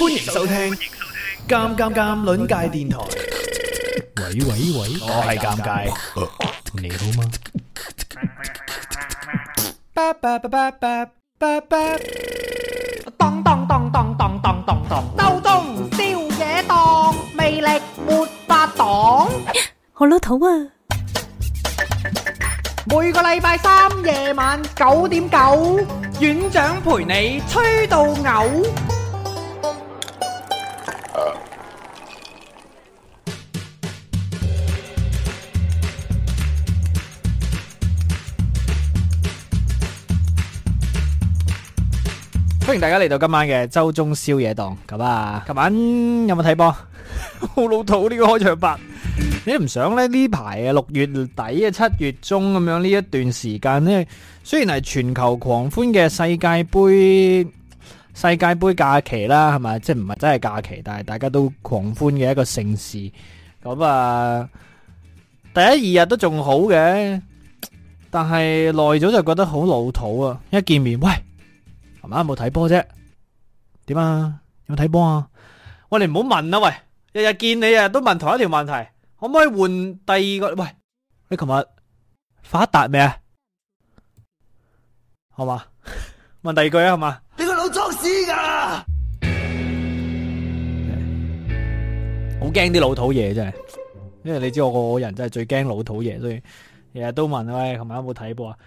歡迎收聽《尷尷尷》輪界電台。喂喂喂，我係尷尬，你好嗎？咚咚咚咚咚咚咚咚，雕東雕野檔，魅力沒法擋。我老土啊！每個禮拜三夜晚九點九，院長陪你吹到嘔。歡迎大家嚟到今晚嘅周中宵夜檔咁啊！琴晚有冇睇波？好 老土呢個開場白。 你唔想咧？呢排啊，六月底啊，七月中咁樣呢一段時間呢，雖然係全球狂歡嘅世界杯、世界杯假期啦，係咪？即係唔係真係假期，但係大家都狂歡嘅一個盛事。咁啊，第一二日都仲好嘅，但係耐咗就覺得好老土啊！一見面喂。琴晚有冇睇波啫，點啊？有冇睇波啊？我哋唔好問啦。喂，日日見你啊，都問同一條問題，可唔可以換第二個？喂，你琴日發達咩啊？好嘛？問第二句啊，係嘛？你個老作屎噶，好驚啲老土嘢真係，因為你知我個人真係最驚老土嘢，所以日日都問喂。琴晚有冇睇波啊？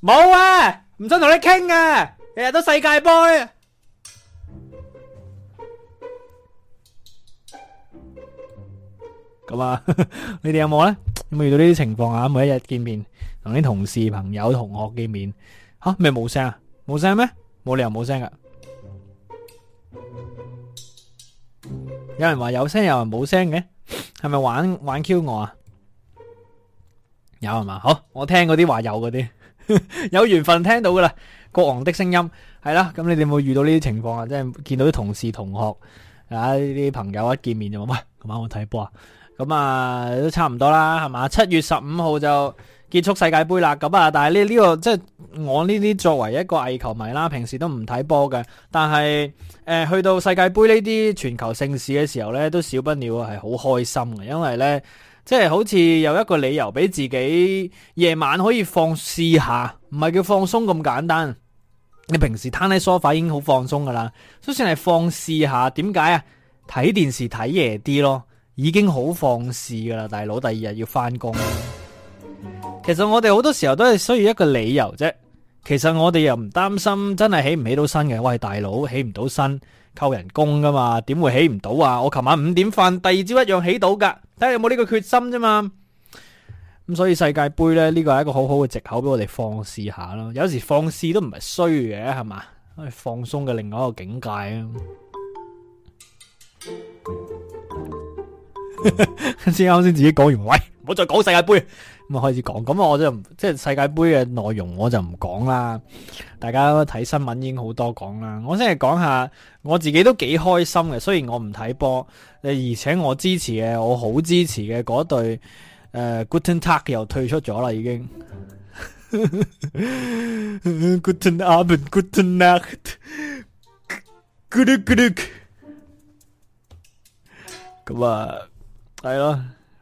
冇啊，唔想同你傾啊。日日都世界杯，咁啊！你哋有冇咧？有冇遇到呢啲情況啊？每一日見面同啲同事、朋友、同學見面，吓咩冇聲啊？冇聲咩？冇理由冇聲噶。有人話有聲，有人冇聲嘅，係咪玩玩 Q 我啊？有係嘛？好，我聽嗰啲話有嗰啲，有緣分聽到噶啦。國王的聲音係啦，咁你哋有冇遇到呢啲情況啊？即係見到啲同事同學啊，呢啲朋友一見面就話：喂，今晚我睇波啊！咁啊，都差唔多啦，係嘛？七月十五號就結束世界杯啦。咁啊，但係呢呢個、這個、即係我呢啲作為一個偽球迷啦，平時都唔睇波嘅。但係誒、呃，去到世界杯呢啲全球盛事嘅時候呢，都少不了係好開心嘅，因為呢，即係好似有一個理由俾自己夜晚可以放肆下，唔係叫放鬆咁簡單。你平時攤喺梳化已經好放鬆噶啦，所以算係放肆吓。點解啊？睇電視睇夜啲咯，已經好放肆噶啦，大佬。第二日要翻工，嗯、其實我哋好多時候都係需要一個理由啫。其實我哋又唔擔心真係起唔起到身嘅，喂，大佬，起唔到身扣人工噶嘛，點會起唔到啊？我琴晚五點瞓，第二朝一樣起到噶，睇下有冇呢個決心啫嘛。咁所以世界杯呢，呢個係一個好好嘅借口俾我哋放肆下咯。有時放肆都唔係衰嘅，係嘛？放鬆嘅另外一個境界啊！先啱先自己講完，喂，唔好再講世界杯。咁啊開始講，咁啊我就即係世界杯嘅內容，我就唔講啦。大家睇新聞已經好多講啦。我先係講下，我自己都幾開心嘅。雖然我唔睇波，而且我支持嘅，我好支持嘅嗰隊。誒，Guten Tag 又退出咗啦，已經。Guten Abend，Guten Nacht，Gooduk Gooduk。咁啊，係咯，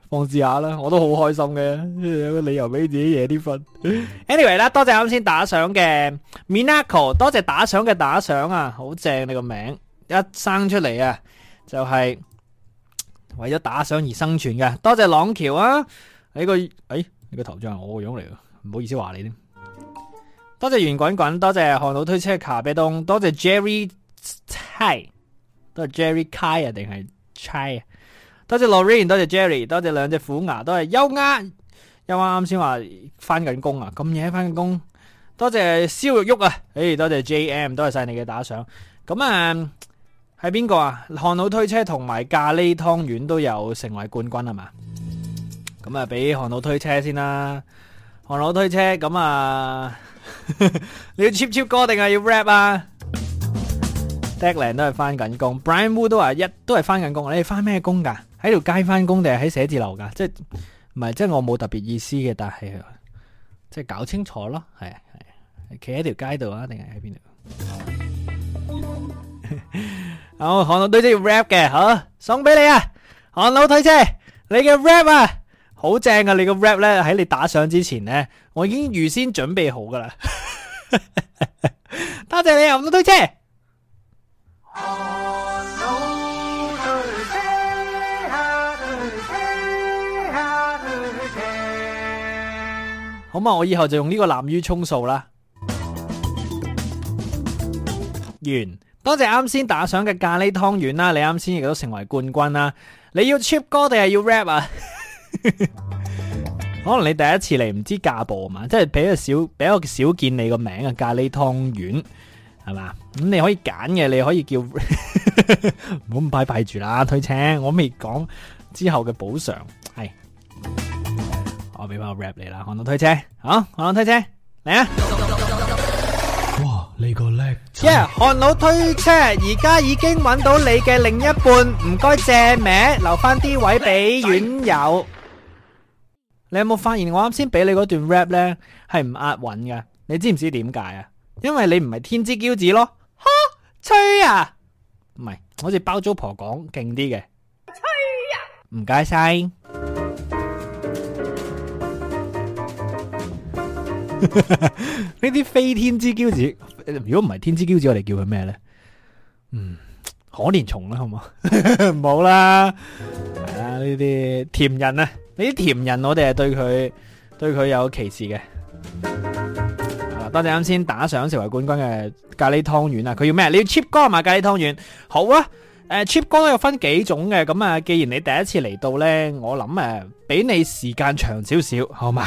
放肆下啦，我都好開心嘅，有個理由俾自己夜啲瞓。Anyway 啦，多謝啱先打賞嘅 Minako，多謝打賞嘅打賞啊，好正你個名，一生出嚟啊，就係。為咗打賞而生存嘅，多謝朗橋啊！你個誒，你個頭像係我個樣嚟嘅，唔好意思話你添。多謝袁滾滾，多謝韓老推車卡比東，多謝 Jerry Chi，都係 Jerry Kai 啊定係 Chi 啊？多謝 Lorraine，多謝 Jerry，多謝兩隻虎牙，都係優呃，優丫啱先話翻緊工啊，咁夜翻緊工。多謝肖玉玉啊，誒，多謝 JM，多謝晒你嘅打賞。咁啊。係邊個啊？韓佬推車同埋咖喱湯圓都有成為冠軍係嘛？咁啊，俾韓佬推車先啦。韓佬推車咁啊，你要 cheap cheap 歌定係要 rap 啊？Declan 都係翻緊工，Brian Wu 都話一都係翻緊工。你翻咩工噶？喺條街翻工定係喺寫字樓噶？即係唔係？即係我冇特別意思嘅，但係即係搞清楚咯。係啊係啊，企喺條街度啊，定係喺邊度？哦、好，韓老推車要 rap 嘅，吓送俾你啊！韓老推車，你嘅 rap 啊，好正啊！你個 rap 咧，喺你打賞之前咧，我已經預先準備好噶啦。 多謝你啊，唔到推車。車車車車好嘛，我以後就用呢個濫竽充數啦。完。多謝啱先打賞嘅咖喱湯圓啦，你啱先亦都成為冠軍啦。你要 chip 歌定係要 rap 啊？ 可能你第一次嚟唔知駕步嘛，即係比較少比較少見你個名嘅咖喱湯圓係嘛？咁、嗯、你可以揀嘅，你可以叫唔好咁拜拜住啦，推車。我未講之後嘅補償係，哎、我俾翻個 rap 你啦，我推車，好我推車嚟啊！耶！漢老推車，而家已經揾到你嘅另一半，唔該借名留翻啲位俾院友。氣你有冇發現我啱先俾你嗰段 rap 呢？係唔押韻嘅？你知唔知點解啊？因為你唔係天之驕子咯。呵，吹啊！唔係、啊，好似包租婆講勁啲嘅。吹啊！唔該晒。呢啲 非天之驕子，如果唔係天之驕子，我哋叫佢咩咧？嗯，可憐蟲 啦，好冇冇啦？係啦，呢啲甜人啊，呢啲甜人我哋係對佢對佢有歧視嘅。嗱、啊，多謝啱先打賞成為冠軍嘅咖喱湯圓啊，佢要咩？你要 cheap 哥啊嘛？咖喱湯圓好啊，誒、啊、cheap 哥都有分幾種嘅？咁啊，既然你第一次嚟到咧，我諗誒、啊，俾你時間長少少，好嘛？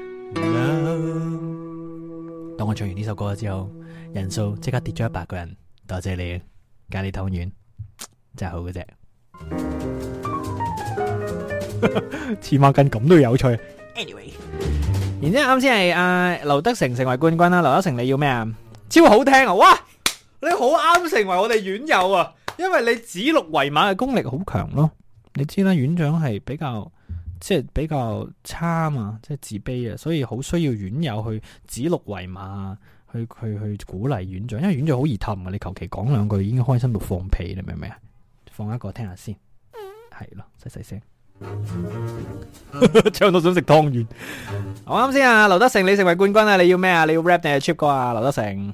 Yeah. 當我唱完呢首歌之後，人數即刻跌咗一百個人。多謝你，隔喱湯圓真係好嗰隻。 黐孖筋咁都有趣。Anyway，然之後啱先係阿劉德成成為冠軍啦。劉德成你要咩啊？超好聽啊！哇，你好啱成為我哋院友啊，因為你指鹿為馬嘅功力好強咯。你知啦，院長係比較。即係比較差啊嘛，即係自卑啊，所以好需要院友去指鹿為馬啊，去去去鼓勵院長，因為院長好易氹啊。你求其講兩句已經開心到放屁，你明唔明啊？放一個聽下先，係咯，細細聲，唱到想食湯圓。我啱先啊，劉德成你成為冠軍啊！你要咩啊？你要 rap 定係 chip 啩？劉德成，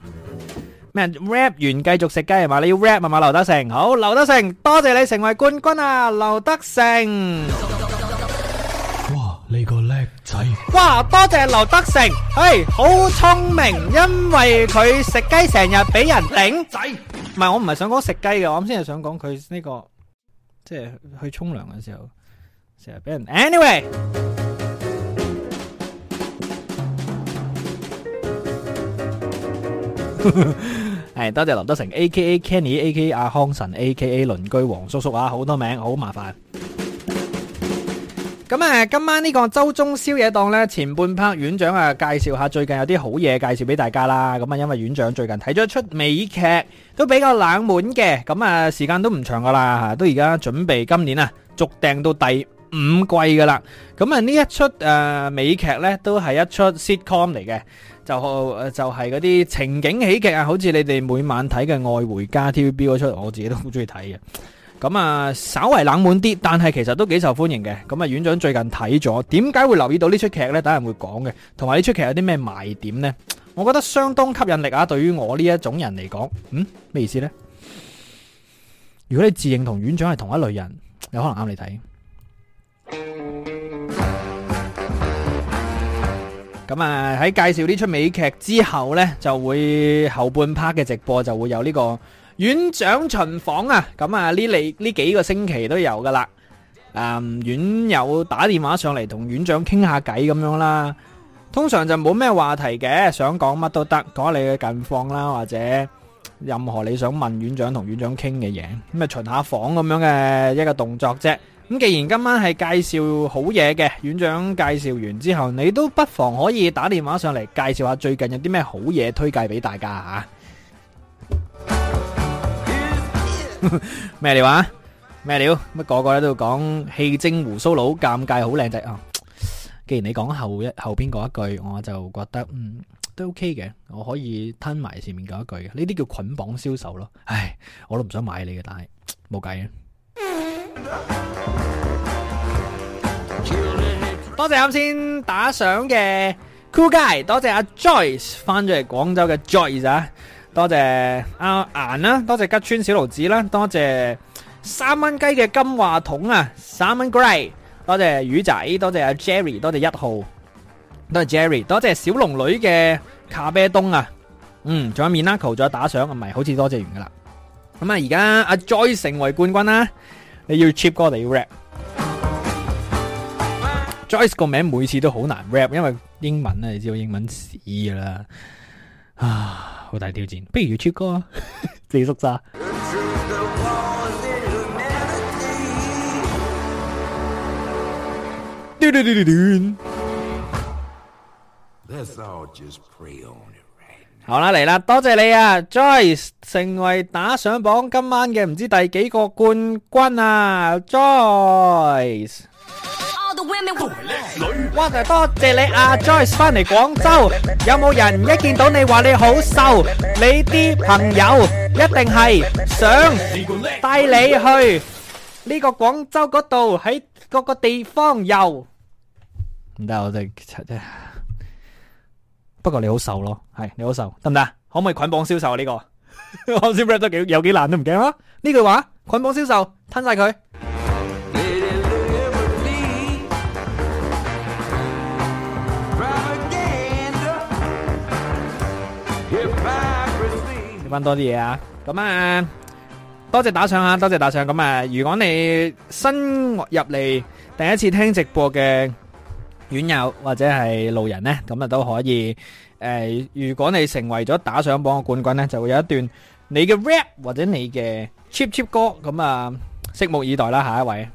咩 rap 完繼續食雞係嘛？你要 rap 係嘛？劉德成，好，劉德成，多謝你成為冠軍啊，劉德成。你個叻仔，哇！多謝劉德成，嘿，好聰明，因為佢食雞成日俾人頂仔。唔係明，我唔係想講食雞嘅，我啱先係想講佢呢個，即係去沖涼嘅時候，成日俾人。Anyway，係 多謝劉德成，A K A Kenny，A K A 阿康臣，A K A 鄰居黃叔叔啊，好多名，好麻煩。咁啊，今晚呢個周中宵夜檔呢，前半 part 院長啊介紹下最近有啲好嘢介紹俾大家啦。咁啊，因為院長最近睇咗一出美劇，都比較冷門嘅。咁啊，時間都唔長噶啦，都而家準備今年啊，續訂到第五季噶啦。咁啊，呢一出誒美劇呢，都係一出 sitcom 嚟嘅，就就係嗰啲情景喜劇啊，好似你哋每晚睇嘅《愛回家》TVB 嗰出，我自己都好中意睇嘅。咁啊，稍微冷門啲，但係其實都幾受歡迎嘅。咁啊，院長最近睇咗，點解會留意到呢出劇呢？等人會講嘅，同埋呢出劇有啲咩賣點呢？我覺得相當吸引力啊！對於我呢一種人嚟講，嗯，咩意思呢？如果你自認同院長係同一類人，有可能啱你睇。咁啊，喺介紹呢出美劇之後呢，就會後半 part 嘅直播就會有呢個。院長巡房啊，咁啊呢嚟，呢幾個星期都有噶啦，啊，院友打電話上嚟同院長傾下偈咁樣啦，通常就冇咩話題嘅，想講乜都得，講下你嘅近況啦，或者任何你想問院長同院長傾嘅嘢，咁啊巡下房咁樣嘅一個動作啫。咁既然今晚係介紹好嘢嘅，院長介紹完之後，你都不妨可以打電話上嚟介紹下最近有啲咩好嘢推介俾大家吓。咩料 啊？咩料？乜個個都要講氣精鬍鬚佬？尷尬，好靚仔啊！既然你講後一後邊嗰一句，我就覺得嗯都 OK 嘅，我可以吞埋前面嗰一句。呢啲叫捆綁銷售咯。唉，我都唔想買你嘅，但係冇計啊！多謝啱先打賞嘅 Cool Guy，多謝阿 Joyce 翻咗嚟廣州嘅 Joyce 啊！多謝阿顏啦，啊，多謝吉川小盧子啦，啊，多謝三蚊雞嘅金話筒啊，三蚊 grey，多謝魚仔，多謝阿 Jerry，多謝一號，多謝 Jerry，多謝小龍女嘅卡貝東啊，嗯，仲有 Miaco，仲有打賞，唔、啊、咪好似多謝完噶啦。咁啊，而家阿 Joy 成為冠軍啦，啊，你要 cheap 哥，你要 rap。啊，Joy 個名每次都好難 rap，因為英文啊，你知道英文屎噶啦，啊。好大挑戰，不如超高啊！自己縮沙。好啦，嚟啦，多謝你啊，Joyce，成為打賞榜今晚嘅唔知第幾個冠軍啊，Joyce。我就多謝你阿 Joyce 翻嚟廣州，有冇人一見到你話你好瘦？你啲朋友一定係想帶你去呢個廣州嗰度，喺各個地方遊。唔得，我哋不過你好瘦咯，係你好瘦，得唔得？可唔可以捆綁銷售呢個？我知唔知都幾有幾難都唔驚啦？呢句話捆綁銷售吞晒佢。搵多啲嘢啊！咁啊，多謝打賞啊！多謝打賞！咁啊，如果你新入嚟第一次聽直播嘅院友或者係路人呢，咁啊都可以誒！如果你成為咗打賞榜嘅冠軍呢，就會有一段你嘅 rap 或者你嘅 cheap cheap 歌咁啊！拭目以待啦，下一位。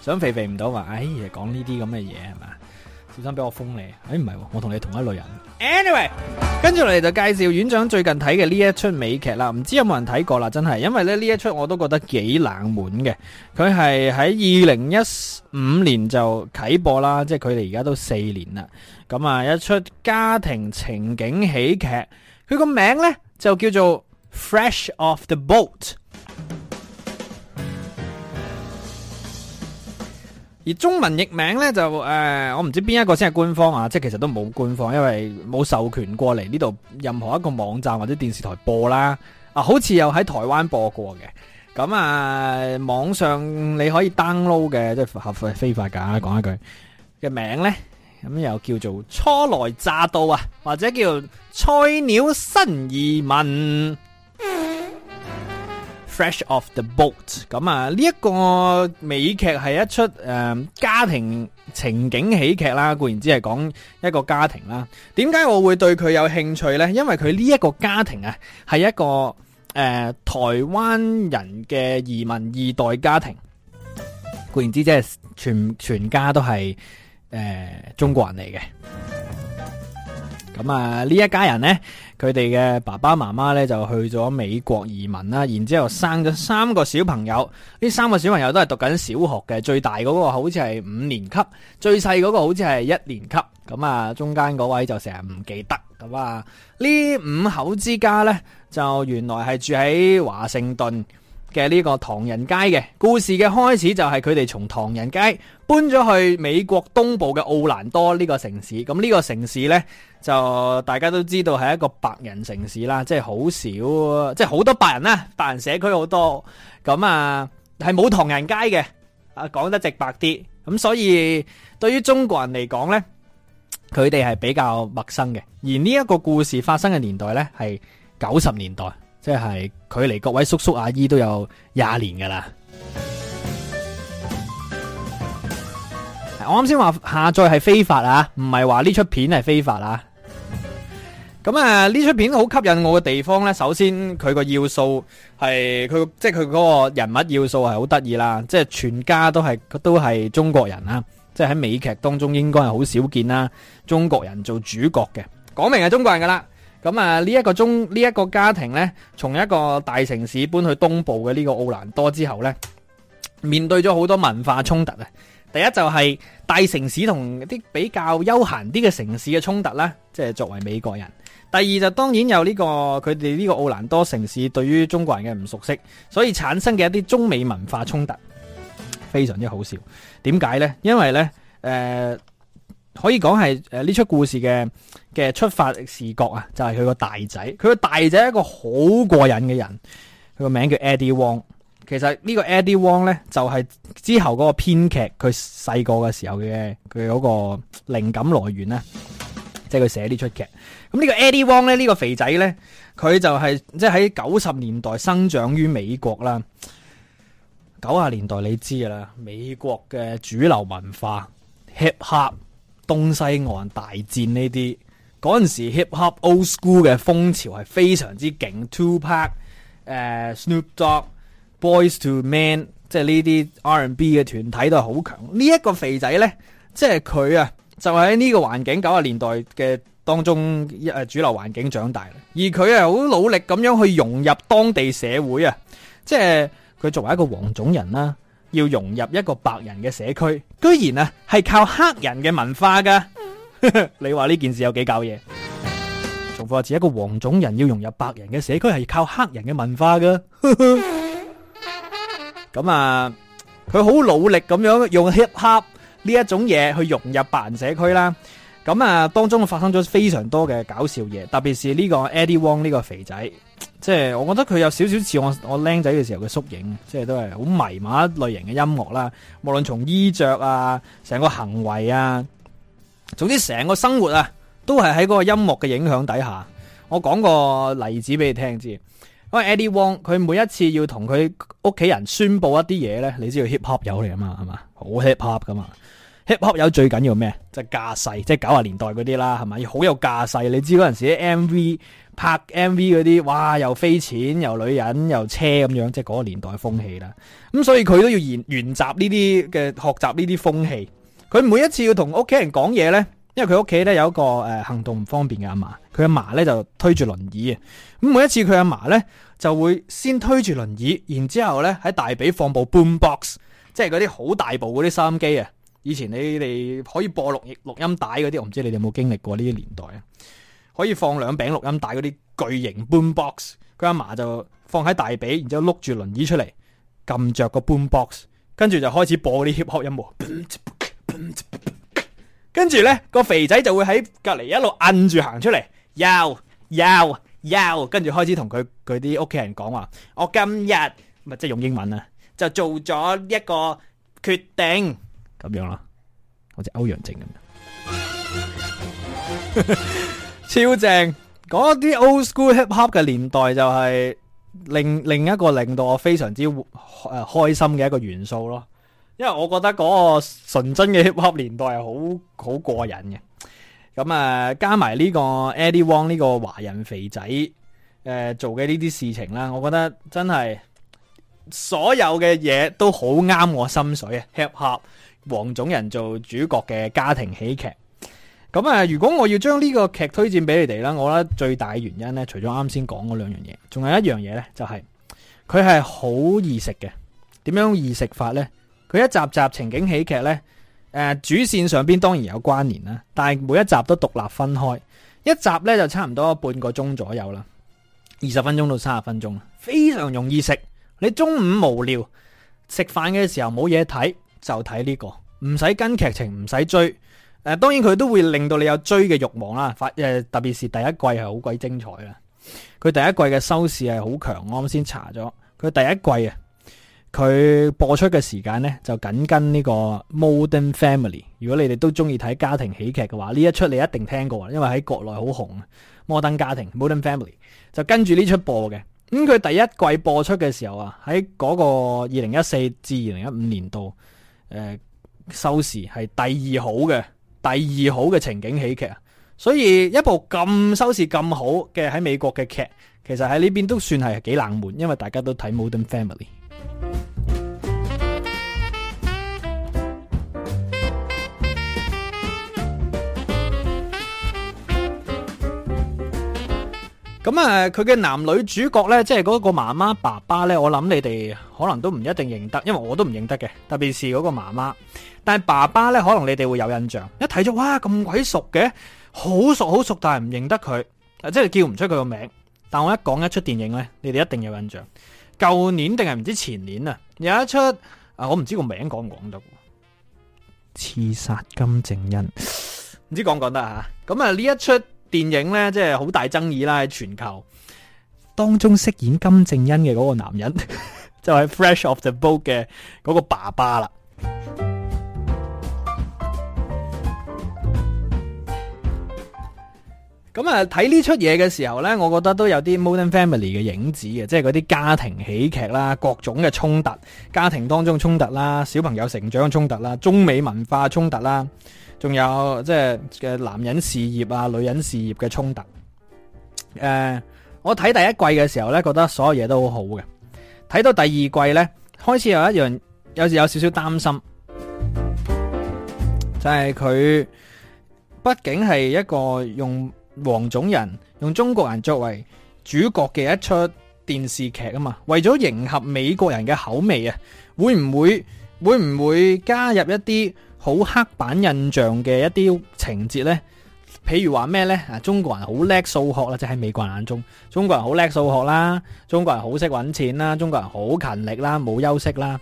想肥肥唔到話！哎呀，講呢啲咁嘅嘢係嘛？小心俾我封你！哎，唔係喎，我同你同一類人。Anyway，跟住嚟就介紹院長最近睇嘅呢一出美劇啦，唔知有冇人睇過啦？真係，因為咧呢一出我都覺得幾冷門嘅。佢係喺二零一五年就啟播啦，即係佢哋而家都四年啦。咁啊，一出家庭情景喜劇，佢個名呢就叫做 of《Fresh Off the Boat》。而中文譯名呢，就誒、呃，我唔知邊一個先係官方啊？即係其實都冇官方，因為冇授權過嚟呢度任何一個網站或者電視台播啦。啊，好似有喺台灣播過嘅，咁啊，網上你可以 download 嘅，即係合法非法㗎，講一句嘅名呢，咁又叫做初來乍到啊，或者叫菜鳥新移民。嗯 Fresh off the boat，咁啊呢一、這個美劇係一出誒、呃、家庭情景喜劇啦，固然之係講一個家庭啦。點解我會對佢有興趣呢？因為佢呢一個家庭啊係一個誒、呃、台灣人嘅移民二代家庭，固然之即係全全家都係誒、呃、中國人嚟嘅。咁啊，呢一家人呢，佢哋嘅爸爸媽媽呢，就去咗美國移民啦，然之後生咗三個小朋友，呢三個小朋友都係讀緊小學嘅，最大嗰個好似係五年級，最細嗰個好似係一年級，咁啊，中間嗰位就成日唔記得，咁啊，呢五口之家呢，就原來係住喺華盛頓嘅呢個唐人街嘅，故事嘅開始就係佢哋從唐人街。搬咗去美國東部嘅奧蘭多呢個城市，咁呢個城市呢，就大家都知道係一個白人城市啦，即係好少，即係好多白人啦，白人社區好多，咁啊係冇唐人街嘅，啊講得直白啲，咁所以對於中國人嚟講呢，佢哋係比較陌生嘅。而呢一個故事發生嘅年代呢，係九十年代，即係距離各位叔叔阿姨都有廿年噶啦。我啱先話下載係非法啊，唔係話呢出片係非法啊。咁啊，呢出片好吸引我嘅地方呢，首先佢個要素係佢即係佢嗰個人物要素係好得意啦，即係全家都係都係中國人啦，即係喺美劇當中應該係好少見啦，中國人做主角嘅，講明係中國人噶啦。咁啊，呢一個中呢一個家庭呢，從一個大城市搬去東部嘅呢個奧蘭多之後呢，面對咗好多文化衝突啊！第一就係大城市同啲比較休閒啲嘅城市嘅衝突啦，即係作為美國人。第二就當然有呢個佢哋呢個奧蘭多城市對於中國人嘅唔熟悉，所以產生嘅一啲中美文化衝突，非常之好笑。點解呢？因為呢，誒、呃，可以講係誒呢出故事嘅嘅出發視角啊，就係佢個大仔。佢個大仔係一個好過癮嘅人，佢個名叫 Eddie Wong。其實呢個 Wong 呢個 Eddie Wong 咧，就係、是、之後嗰個編劇佢細個嘅時候嘅佢嗰個靈感來源咧，即係佢寫呢出劇。咁呢個 Eddie Wong 咧，呢、呢個肥仔咧，佢就係即係喺九十年代生長於美國啦。九十年代你知噶啦，美國嘅主流文化 hip hop 東西岸大戰呢啲嗰陣時 hip hop old school 嘅風潮係非常之勁，2Pac、uh, Snoop Dogg。Boys to Men，即係呢啲 R&B 嘅團體都係好強。呢一個肥仔呢，即係佢啊，就喺呢個環境九十年代嘅當中、啊、主流環境長大而佢啊，好努力咁樣去融入當地社會啊。即係佢作為一個黃種人啦、啊，要融入一個白人嘅社區，居然啊係靠黑人嘅文化噶。 你話呢件事有幾搞嘢？重複下，只 一個黃種人要融入白人嘅社區係靠黑人嘅文化噶。 咁啊，佢好、嗯、努力咁樣用 hip hop 呢一種嘢去融入白人社區啦。咁、嗯、啊，當中發生咗非常多嘅搞笑嘢，特別是呢個 Eddie Wong 呢個肥仔，即係我覺得佢有少少似我我僆仔嘅時候嘅縮影，即係都係好迷茫類型嘅音樂啦。無論從衣着啊，成個行為啊，總之成個生活啊，都係喺嗰個音樂嘅影響底下。我講個例子俾你聽先。知因為 Eddie Wong 佢每一次要同佢屋企人宣布一啲嘢咧，你知道 hip hop 友嚟啊嘛，係嘛？好 hip hop 噶嘛，hip hop 友最緊要咩？即係架勢，即係九十年代嗰啲啦，係咪？要好有架勢。你知嗰陣時啲 M V 拍 M V 嗰啲，哇，又飛錢，又女人，又車咁樣，即係嗰個年代風氣啦。咁所以佢都要沿沿襲呢啲嘅學習呢啲風氣。佢每一次要同屋企人講嘢咧。因為佢屋企咧有一個誒行動唔方便嘅阿嫲，佢阿嫲咧就推住輪椅啊。咁每一次佢阿嫲咧就會先推住輪椅，然之後咧喺大髀放部 boom box，即係嗰啲好大部嗰啲收音機啊。以前你哋可以播錄錄音帶嗰啲，我唔知你哋有冇經歷過呢啲年代啊？可以放兩餅錄音帶嗰啲巨型 boom box，佢阿嫲就放喺大髀，然之後碌住輪椅出嚟，撳着個 boom box，跟住就開始播啲 hip hop 音樂。跟住呢，個肥仔就會喺隔籬一路按住行出嚟，又又又，跟住開始同佢佢啲屋企人講話：，我今日咪即係用英文啦，就做咗一個決定，咁樣咯，好似歐陽靖咁，超正。嗰啲 old school hip hop 嘅年代就係另另一個令到我非常之誒開心嘅一個元素咯。因為我覺得嗰個純真嘅 hip hop 年代係好好過癮嘅。咁啊，加埋呢個 Eddie Wong 呢個華人肥仔誒做嘅呢啲事情啦，我覺得真係所有嘅嘢都好啱我心水啊！hip hop 黃種人做主角嘅家庭喜劇咁啊。如果我要將呢個劇推薦俾你哋啦，我覺得最大原因咧，除咗啱先講嗰兩樣嘢，仲有一樣嘢咧，就係佢係好易食嘅。點樣易食法咧？佢一集集情景喜劇呢，呃、主線上邊當然有關聯啦，但係每一集都獨立分開，一集呢就差唔多半個鐘左右啦，二十分鐘到三十分鐘，非常容易食。你中午無聊食飯嘅時候冇嘢睇，就睇呢、這個，唔使跟劇情，唔使追。誒、呃、當然佢都會令到你有追嘅慾望啦，發特別是第一季係好鬼精彩啦，佢第一季嘅收視係好強，我啱先查咗，佢第一季啊。佢播出嘅時間呢，就緊跟呢個 Modern Family。如果你哋都中意睇家庭喜劇嘅話，呢一出你一定聽過啊，因為喺國內好紅啊。Modern 家庭 Modern Family 就跟住呢出播嘅。咁、嗯、佢第一季播出嘅時候啊，喺嗰個二零一四至二零一五年度，呃、收視係第二好嘅，第二好嘅情景喜劇。所以一部咁收視咁好嘅喺美國嘅劇，其實喺呢邊都算係幾冷門，因為大家都睇 Modern Family。咁啊，佢嘅男女主角呢，即係嗰個媽媽、爸爸呢，我諗你哋可能都唔一定認得，因為我都唔認得嘅，特別是嗰個媽媽。但係爸爸呢，可能你哋會有印象，一睇咗哇咁鬼熟嘅，好熟好熟，但係唔認得佢，即係叫唔出佢個名。但我一講一出電影呢，你哋一定有印象。舊年定係唔知前年啊，有一出啊，我唔知個名講唔講得。刺殺金正恩，唔知講唔講得啊？咁啊，呢一出。電影呢，即係好大爭議啦！喺全球當中飾演金正恩嘅嗰個男人， 就係 Fresh Off the Boat 嘅嗰個爸爸啦。咁啊，睇呢出嘢嘅時候呢，我覺得都有啲 Modern Family 嘅影子嘅，即係嗰啲家庭喜劇啦、各種嘅衝突、家庭當中衝突啦、小朋友成長衝突啦、中美文化衝突啦。仲有即係嘅男人事業啊，女人事業嘅衝突。誒，我睇第一季嘅時候呢，覺得所有嘢都好好嘅。睇到第二季呢，開始有一樣，有時有少少擔心，就係佢畢竟係一個用黃種人、用中國人作為主角嘅一出電視劇啊嘛，為咗迎合美國人嘅口味啊，會唔會會唔會加入一啲？好刻板印象嘅一啲情節呢，譬如話咩呢？啊，中國人好叻數學啦，即係喺美國人眼中，中國人好叻數學啦，中國人好識揾錢啦，中國人好勤力啦，冇休息啦。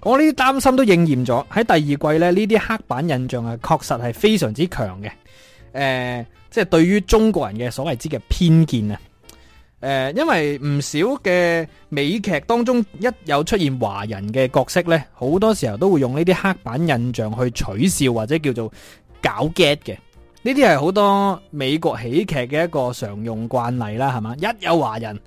我呢啲擔心都應驗咗喺第二季呢，呢啲刻板印象啊，確實係非常之強嘅。誒，即係對於中國人嘅所謂之嘅偏見啊。誒，因為唔少嘅美劇當中，一有出現華人嘅角色呢，好多時候都會用呢啲黑板印象去取笑或者叫做搞 get 嘅。呢啲係好多美國喜劇嘅一個常用慣例啦，係嘛？一有華人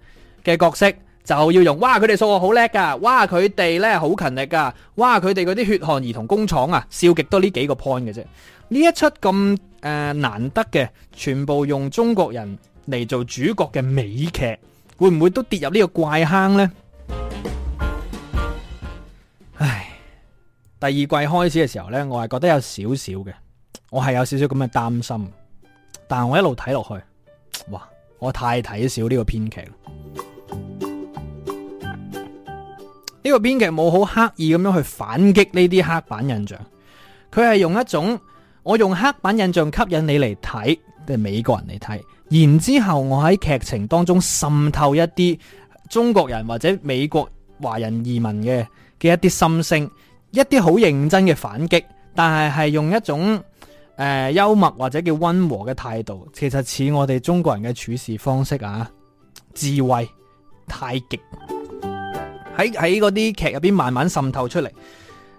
嘅角色，就要用哇佢哋數學好叻㗎，哇佢哋呢好勤力㗎，哇佢哋嗰啲血汗兒童工廠啊，笑極都呢幾個 point 嘅啫。呢一出咁誒、呃、難得嘅，全部用中國人。嚟做主角嘅美劇，會唔會都跌入呢個怪坑呢？唉，第二季開始嘅時候呢，我係覺得有少少嘅，我係有少少咁嘅擔心。但我一路睇落去，哇！我太睇少呢個編劇啦，呢個編劇冇好刻意咁樣去反擊呢啲黑板印象，佢係用一種我用黑板印象吸引你嚟睇。即係美國人嚟睇，然之後我喺劇情當中滲透一啲中國人或者美國華人移民嘅嘅一啲心聲，一啲好認真嘅反擊，但係係用一種誒、呃、幽默或者叫溫和嘅態度，其實似我哋中國人嘅處事方式啊，智慧太極喺喺嗰啲劇入邊慢慢滲透出嚟，誒、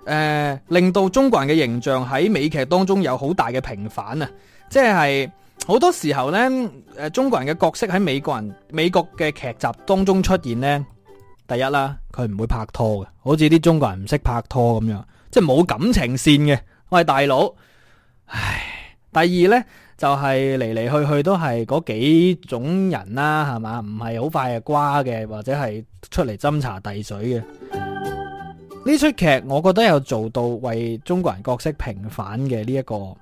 呃、令到中國人嘅形象喺美劇當中有好大嘅平反啊，即係。好多時候呢，誒，中國人嘅角色喺美國人、美國嘅劇集當中出現呢，第一啦，佢唔會拍拖嘅，好似啲中國人唔識拍拖咁樣，即係冇感情線嘅，我係大佬。唉，第二呢，就係嚟嚟去去都係嗰幾種人啦，啊，係嘛，唔係好快啊瓜嘅，或者係出嚟斟茶遞水嘅。呢出劇我覺得有做到為中國人角色平反嘅呢一個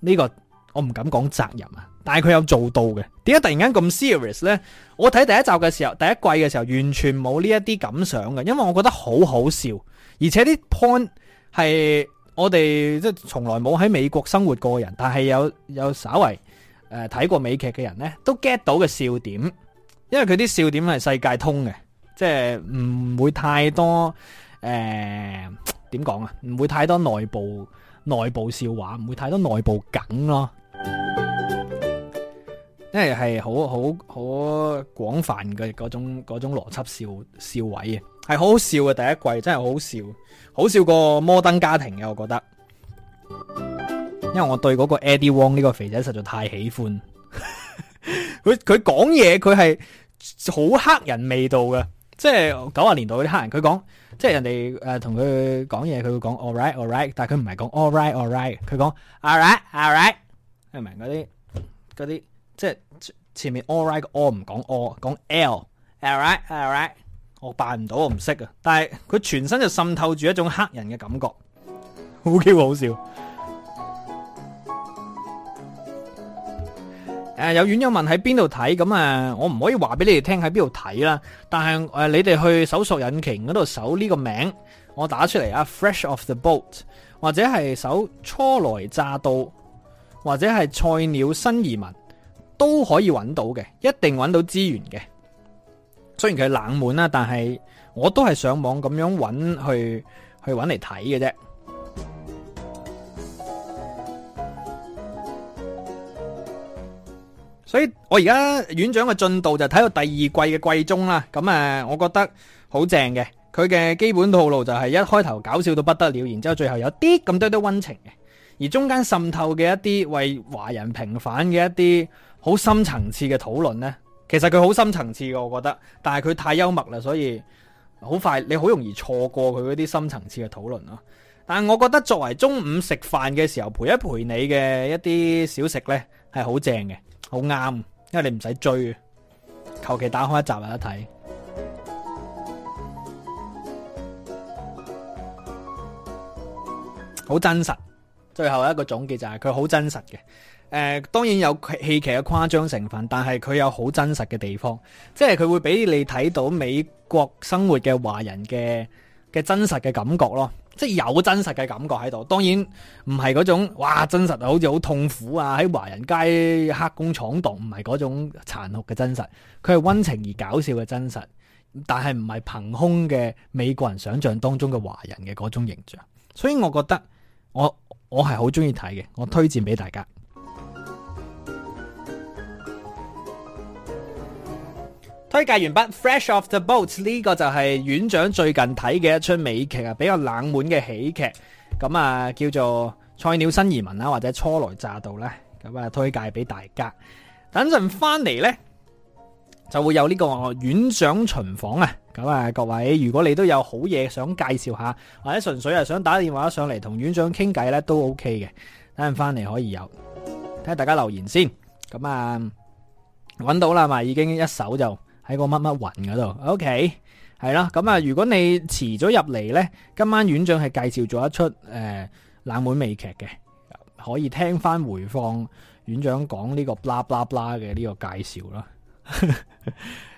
呢個。這個我唔敢講責任啊，但係佢有做到嘅。點解突然間咁 serious 呢？我睇第一集嘅時候，第一季嘅時候完全冇呢一啲感想嘅，因為我覺得好好笑，而且啲 point 係我哋即係從來冇喺美國生活過嘅人，但係有有稍微誒睇過美劇嘅人呢，都 get 到嘅笑點，因為佢啲笑點係世界通嘅，即係唔會太多誒點講啊，唔會太多內部內部笑話，唔會太多內部梗咯。因為係好好好廣泛嘅嗰種嗰種邏輯笑笑位嘅，係好笑嘅。第一季真係好好笑，好笑過《摩登家庭》嘅，我覺得。因為我對嗰個 Eddie Wong 呢個肥仔實在太喜歡，佢佢講嘢佢係好黑人味道嘅，即係九啊年代嗰啲黑人。佢講即係人哋誒同佢講嘢，佢、呃、會講 All right, all right，但係佢唔係講 All right, all right，佢講 All right, all right。All right, all right 明唔明，嗰啲嗰啲即係前面 all right all 唔講 all 講 l alright alright 我扮唔到我唔識啊！但係佢全身就滲透住一種黑人嘅感覺，好 Q 好笑。誒、呃，有院友問喺邊度睇，咁啊，我唔可以話俾你哋聽喺邊度睇啦。但係誒、呃，你哋去搜索引擎嗰度搜呢個名，我打出嚟啊，fresh off the boat 或者係搜初來乍到。或者係菜鳥新移民都可以揾到嘅，一定揾到資源嘅。雖然佢冷門啦，但係我都係上網咁樣揾去去揾嚟睇嘅啫。所以我而家院長嘅進度就睇到第二季嘅季中啦。咁誒，我覺得好正嘅。佢嘅基本套路就係一開頭搞笑到不得了，然之後最後有啲咁多多溫情嘅。而中間滲透嘅一啲為華人平反嘅一啲好深層次嘅討論呢，其實佢好深層次嘅，我覺得。但係佢太幽默啦，所以好快你好容易錯過佢嗰啲深層次嘅討論咯。但係我覺得作為中午食飯嘅時候陪一陪你嘅一啲小食呢，係好正嘅，好啱，因為你唔使追，求其打開一集一睇，好真實。最後一個總結就係佢好真實嘅，誒、呃，當然有戲劇嘅誇張成分，但係佢有好真實嘅地方，即係佢會俾你睇到美國生活嘅華人嘅嘅真實嘅感覺咯，即係有真實嘅感覺喺度。當然唔係嗰種哇真實好似好痛苦啊，喺華人街黑工廠度，唔係嗰種殘酷嘅真實，佢係溫情而搞笑嘅真實，但係唔係憑空嘅美國人想象當中嘅華人嘅嗰種形象。所以我覺得我。我係好中意睇嘅，我推薦俾大家推。推介完畢，Fresh Off the Boat 呢個就係院長最近睇嘅一出美劇啊，比較冷門嘅喜劇。咁啊，叫做菜鳥新移民啦，或者初來乍到啦，咁啊，推介俾大家。等陣翻嚟呢就會有呢個院長巡房啊。咁啊，各位，如果你都有好嘢想介紹下，或者純粹係想打電話上嚟同院長傾偈咧，都 OK 嘅。等陣翻嚟可以有，睇下大家留言先。咁、嗯、啊，揾到啦嘛，已經一手就喺個乜乜雲嗰度。OK，係啦。咁、嗯、啊，如果你遲咗入嚟咧，今晚院長係介紹咗一出誒、呃、冷門美劇嘅，可以聽翻回,回放院長講呢個啦啦啦嘅呢個介紹啦。呵呵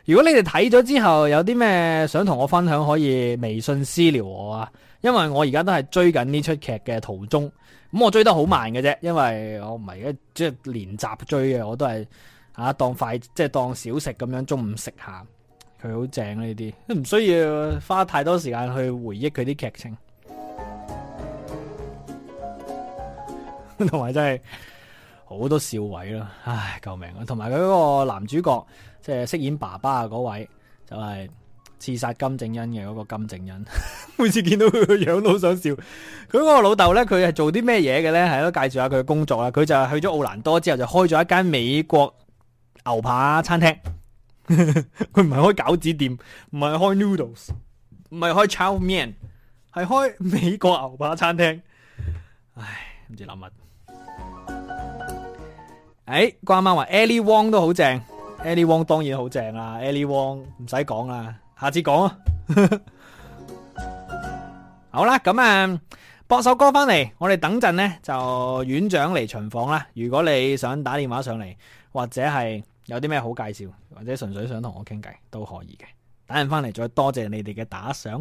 如果你哋睇咗之後，有啲咩想同我分享，可以微信私聊我啊！因為我而家都係追緊呢出劇嘅途中，咁我追得好慢嘅啫，因為我唔係而家即係連集追嘅，我都係吓、啊、當快即係當小食咁樣中午食下，佢好正，呢啲唔需要花太多時間去回憶佢啲劇情，同埋 真係好多笑位咯，唉，救命啊！同埋佢嗰個男主角。即係飾演爸爸啊嗰位，就係、是、刺殺金正恩嘅嗰個金正恩， 每次見到佢個樣都好想笑。佢嗰個老豆咧，佢係做啲咩嘢嘅咧？係咯，介紹下佢嘅工作啦。佢就係去咗奧蘭多之後，就開咗一間美國牛扒餐廳。佢唔係開餃子店，唔係開 noodles，唔係開炒麵，係開美國牛扒餐廳。唉，唔知諗乜。誒、哎，瓜媽話 Ellie Wong 都好正。Ellie Wong 當然好正啦，Ellie Wong 唔使講啦，下次講啊。 好啦，咁啊博首歌翻嚟，我哋等陣呢，就院長嚟巡訪啦。如果你想打電話上嚟，或者係有啲咩好介紹，或者純粹想同我傾偈都可以嘅，打人翻嚟再多謝你哋嘅打賞。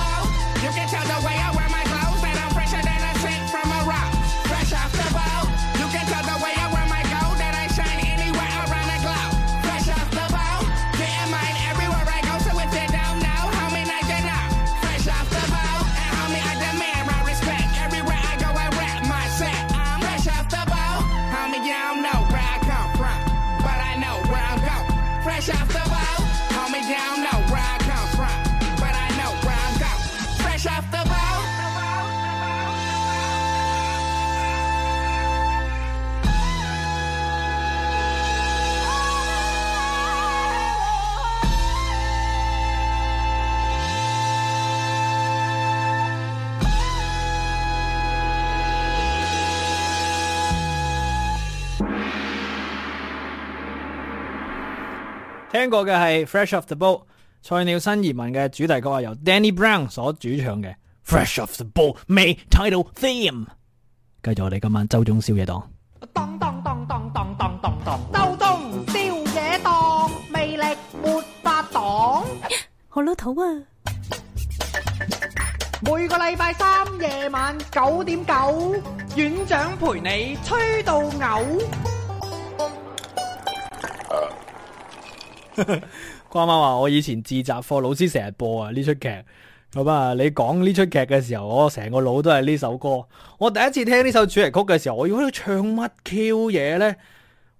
聽過嘅係 Fresh Off The Boat 菜鳥新移民嘅主題歌係由 Danny Brown 所主唱嘅 Fresh Off The Boat may Title Theme。繼續我哋今晚周中宵夜檔，當當當當當當當，周中宵夜檔，魅力沒法擋。好 老土啊！每個禮拜三夜晚九點九，9. 9, 院長陪你吹到嘔。 瓜媽話我以前自習課老師成日播啊呢出劇好啊你講呢出劇嘅時候我成個腦都係呢首歌我第一次聽呢首主題曲嘅時候我以為佢唱乜 Q 嘢咧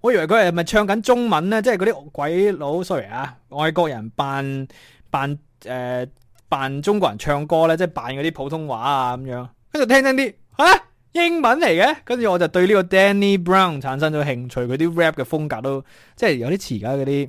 我以為佢係咪唱緊中文咧即係嗰啲鬼佬 sorry 啊外國人扮扮誒扮、呃、扮中國人唱歌咧即係扮嗰啲普通話啊咁樣跟住聽真啲啊英文嚟嘅跟住我就對呢個 Danny Brown 產生咗興趣佢啲 rap 嘅風格都即係有啲詞而家嗰啲。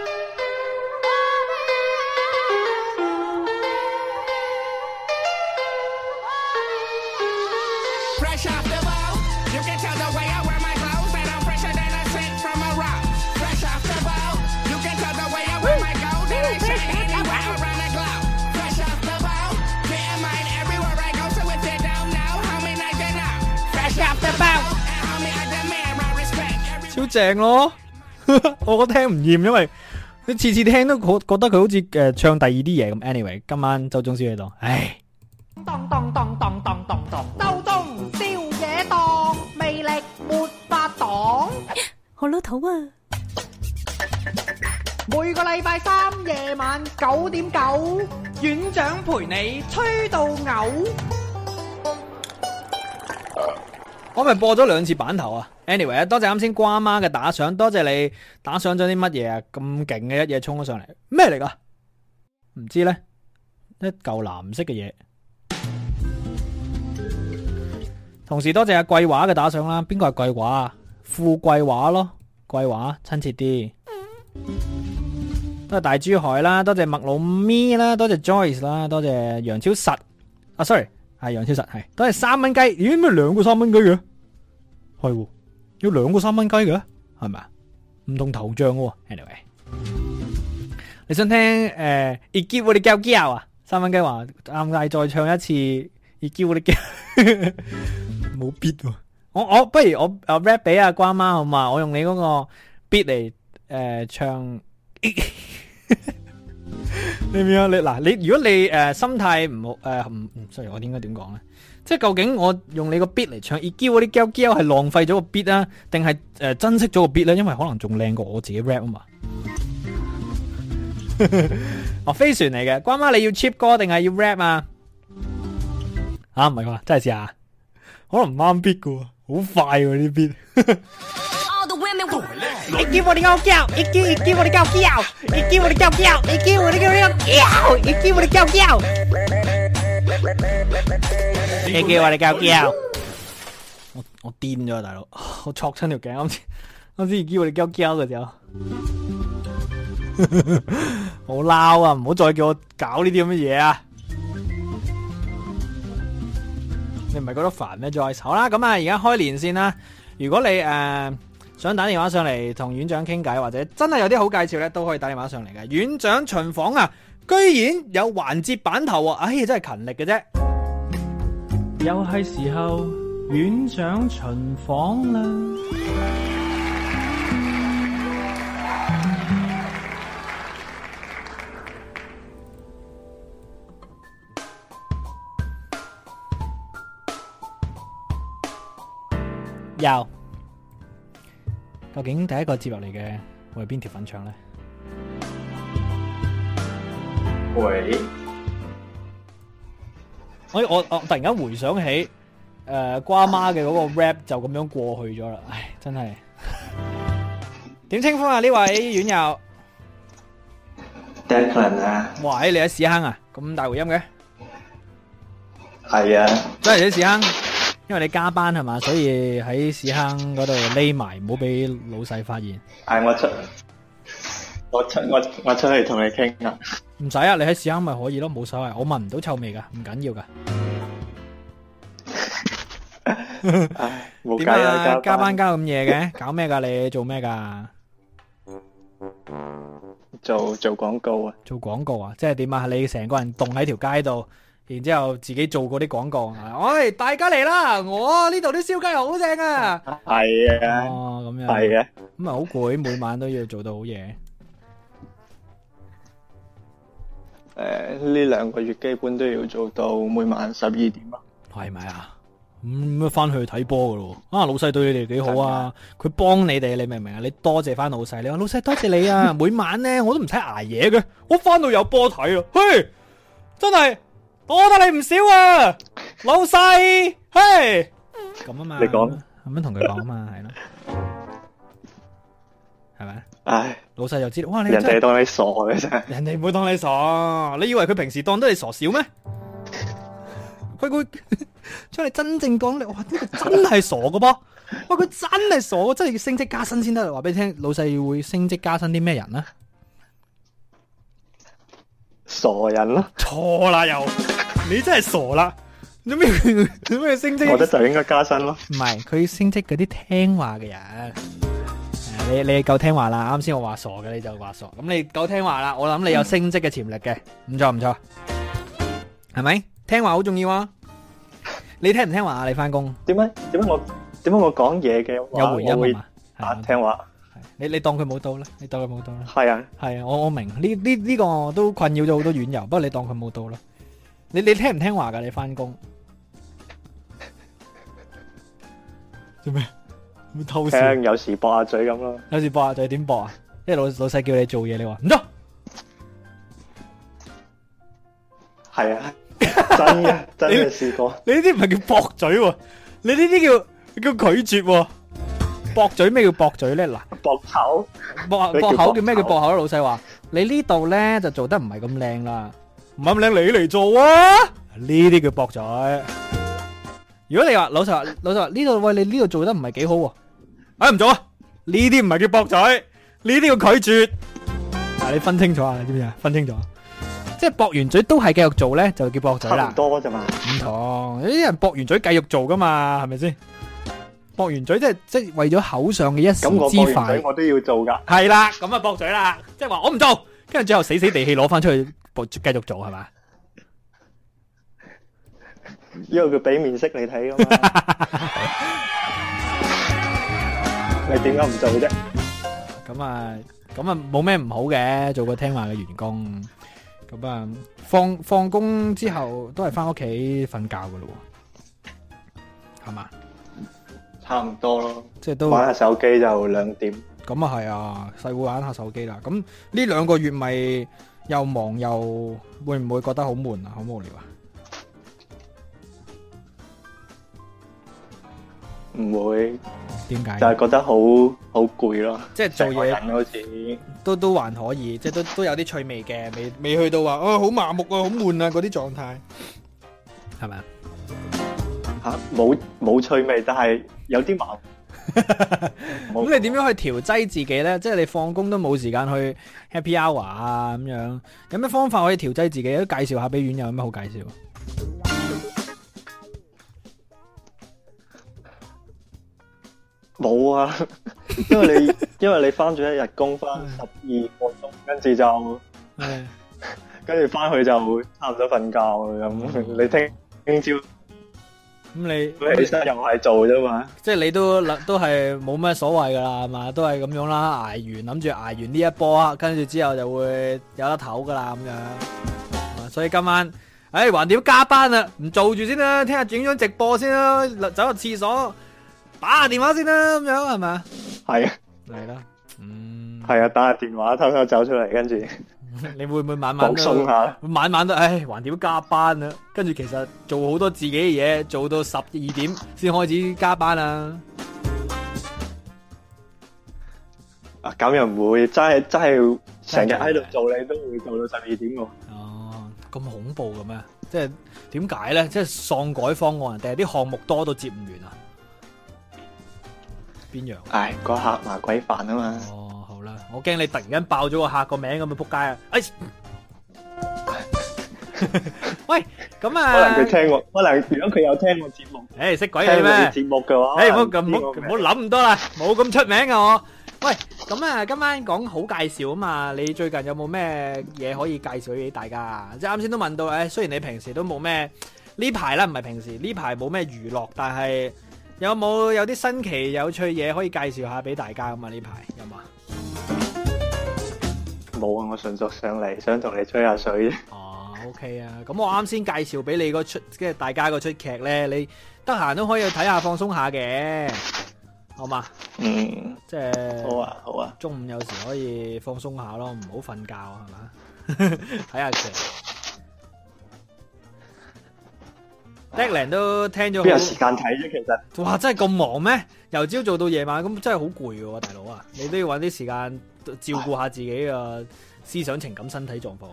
正咯， 我聽唔厭，因為你次次聽都覺覺得佢好似誒唱第二啲嘢咁。Anyway，今晚周中宵喺度，唉。當當當當當當當，周中宵夜檔，魅力沒法擋。好老土啊！每個禮拜三夜晚九點九，院長陪你吹到嘔。我咪播咗兩次版頭啊！anyway，多謝啱先瓜媽嘅打賞，多謝你打賞咗啲乜嘢啊？咁勁嘅一嘢衝咗上嚟，咩嚟㗎？唔知呢，一嚿藍色嘅嘢。同時多謝阿桂華嘅打賞啦，邊個係桂華啊？富貴華咯，桂華親切啲。都係大珠海啦，多謝麥老咪啦，多謝 Joyce 啦，多謝楊超實。啊，sorry，係楊超實係，都係三蚊雞。咦，咩兩個三蚊雞嘅？係喎。要兩個三蚊雞嘅，係咪啊？唔同頭像喎。Anyway，你想聽誒？Egg 我哋叫叫啊！三蚊雞話：，啱曬，再唱一次。Egg 我哋叫，冇 beat 喎。我我不如我啊 rap 俾阿關媽好嘛？我用你嗰個 beat 嚟誒唱。你點啊？你嗱，你如果你誒心態唔好，誒唔唔，sorry，我應該點講咧？即究竟我用你個 beat 嚟唱，而叫嗰啲叫叫係浪費咗個 beat 啊？定係誒珍惜咗個 beat 咧？因為可能仲靚過我自己 rap 啊嘛。哦，飛船嚟嘅，關媽你要 cheap 歌定係要 rap 啊？啊唔係嘛，真係試下，可能唔啱 beat 嘅，好快喎呢 beat。你叫我哋教教我，我我癲咗大佬，我戳親條頸，我 K K，我先叫我哋教嘅時候， 好撈啊！唔好再叫我搞呢啲咁嘅嘢啊！你唔係覺得煩咩再 o 好啦，咁啊，而家開連線啦。如果你誒、呃、想打電話上嚟同院長傾偈，或者真係有啲好介紹咧，都可以打電話上嚟嘅。院長巡房啊！居然有環節版頭啊！哎，真係勤力嘅啫。又係時候院長巡房啦。又，究竟第一個接落嚟嘅會係邊條粉腸呢？喂，所以我我突然間回想起，誒瓜媽嘅嗰個 rap 就咁樣過去咗啦，唉真係。點稱呼啊呢位院友？Declan 啊，喂你喺屎坑啊，咁大回音嘅？係啊，真係喺屎坑，因為你加班係嘛，所以喺屎坑嗰度匿埋，唔好俾老細發現。嗌我出。我出我我出去同你傾啊！唔使啊，你喺屎坑咪可以咯，冇所謂。我聞唔到臭味噶，唔緊要噶。 唉，冇計呀。加班加咁夜嘅， 搞咩噶？你做咩噶？做做廣告啊！做廣告啊！即係點啊？你成個人凍喺條街度，然之後自己做嗰啲廣告啊！哎，大家嚟啦！我呢度啲燒雞好正啊！係啊，哦、咁樣係啊，咁啊好攰，每晚都要做到好夜。誒，呢、呃、兩個月基本都要做到每晚十二點啊，係咪啊？咁翻去睇波噶咯？啊，老細對你哋幾好啊！佢幫你哋，你明唔明啊？你多謝翻老細，你話老細多謝你啊！ 每晚咧，我都唔使捱夜嘅，我翻到有波睇啊！嘿，真係多得你唔少啊， 老細！嘿，咁啊說嘛，你講咁樣同佢講啊嘛，係咯，係咪？唉。老細又知道，哇！你人哋當你傻嘅啫，人哋唔會當你傻。你以為佢平時當得你傻笑咩？佢會將你真正講，你哇，呢、這個真係傻嘅噃。喂，佢真係傻，真係要升職加薪先得。話俾你聽，老細會升職加薪啲咩人啊？傻人咯，錯啦又，你真係傻啦！做咩做咩升職？我覺得就應該加薪咯。唔係，佢升職嗰啲聽話嘅人。你你夠聽話啦，啱先我話傻嘅你就話傻，咁你夠聽話啦，我諗你有升職嘅潛力嘅，唔錯唔錯，係咪聽話好重要啊？你聽唔聽話啊？你翻工？點解點解我點解我講嘢嘅有回音喎？聽話，你你當佢冇到啦，你當佢冇到啦。係啊係啊，我我明呢呢呢個都困擾咗好多軟柔，不過你當佢冇到啦。你你聽唔聽話噶？你翻工？做咩？偷聲有時駁下嘴咁咯，有時駁下嘴點駁啊？因為老老細叫你做嘢，你話唔得，係啊，真嘅真嘅試過。 你呢啲唔係叫駁嘴喎，你呢啲叫叫，叫拒絕喎。駁 嘴咩叫駁嘴咧？嗱口，駁薄口駁口叫咩叫駁口 老細話你呢度咧就做得唔係咁靚啦，唔係咁靚，你嚟做啊！呢啲叫駁嘴。如果你話老實話，老實話呢度喂，你呢度做得唔係幾好喎，哎唔做啊！呢啲唔係叫駁嘴，呢啲叫拒絕。你分清楚啊，你知唔知啊？分清楚，即係駁完嘴都係繼續做咧，就叫駁嘴啦。差唔多咋嘛？唔同，啲人駁完嘴繼續做噶嘛，係咪先？駁完嘴即係即係為咗口上嘅一時之快，我都要做噶。係啦，咁啊駁嘴啦，即係話我唔做，跟住最後死死地氣攞翻出去駁，繼續做係嘛？因為佢俾面色你睇噶嘛，你點解唔做啫？咁啊，咁啊冇咩唔好嘅，做個聽話嘅員工。咁啊，放放工之後都係翻屋企瞓覺噶咯，係嘛？差唔多咯，即係都玩下手機就兩點。咁啊係啊，細會玩下手機啦。咁呢兩個月咪又忙又會唔會覺得好悶啊？好無聊啊？唔會，點解？就係覺得好好攰咯，即係做嘢好似都都還可以，即係都都有啲趣味嘅，未未去到話哦好麻木啊，好悶啊嗰啲狀態，係咪啊？吓冇冇趣味，但係有啲麻木。咁你點樣去調劑自己咧？即係你放工都冇時間去 happy hour 啊咁樣，有咩方法可以調劑自己？都介紹下俾院友，有咩好介紹？冇啊，因為你 因為你翻咗一日工，翻十二個鐘，跟住就，唉，跟住翻去就差唔多瞓覺咁。 你聽聽朝咁你起身又係做啫嘛，即係你都都係冇咩所謂噶啦，係嘛，都係咁樣啦，挨完諗住挨完呢一波跟住之後就會有得唞噶啦咁樣。所以今晚，哎，橫掂加班啊，唔做住先啦，聽日轉咗直播先啦，走入廁所。打下電話先啦，咁樣係嘛？係啊，嚟啦是的，嗯，係啊，打下電話，偷偷走出嚟，跟住你會唔會晚晚放鬆下？晚晚都，唉，還點、哎、加班啊？跟住其實做好多自己嘅嘢，做到十二點先開始加班啊？啊，咁又唔會，真係真係成日喺度做你，你都會做到十二點嘅。哦，咁恐怖嘅咩？即係點解咧？即係喪改方案，定係啲項目多到接唔完啊？邊樣？唉，個客麻鬼煩啊嘛！哦，好啦，我驚你突然間爆咗個客個名咁樣撲街啊！哎，喂，咁啊，可能佢聽過，可能如果佢有聽過節目，誒，識鬼嘢咩？節目嘅話，誒，唔好唔好唔好諗咁多啦，冇咁出名嘅我。喂，咁啊，今晚講好介紹啊嘛，你最近有冇咩嘢可以介紹俾大家？即係啱先都問到，誒，雖然你平時都冇咩，呢排啦唔係平時，呢排冇咩娛樂，但係。有冇有啲新奇有趣嘢可以介紹下俾大家咁啊？呢排有冇？冇啊！我迅速上嚟，想同你吹下水。哦，OK 啊！咁我啱先介紹俾你嗰出，即係大家嗰出劇呢。你得閒都可以去睇下，放鬆下嘅，好嘛？嗯，即係是。好啊，好啊。中午有時可以放鬆下咯，唔好瞓覺係嘛？睇 下劇。Declan 都聽咗，邊有時間睇啫？其實，哇，真係咁忙咩？由朝做到夜晚，咁真係好攰噶，大佬啊！你都要揾啲時間照顧下自己嘅思想、情感、身體狀況。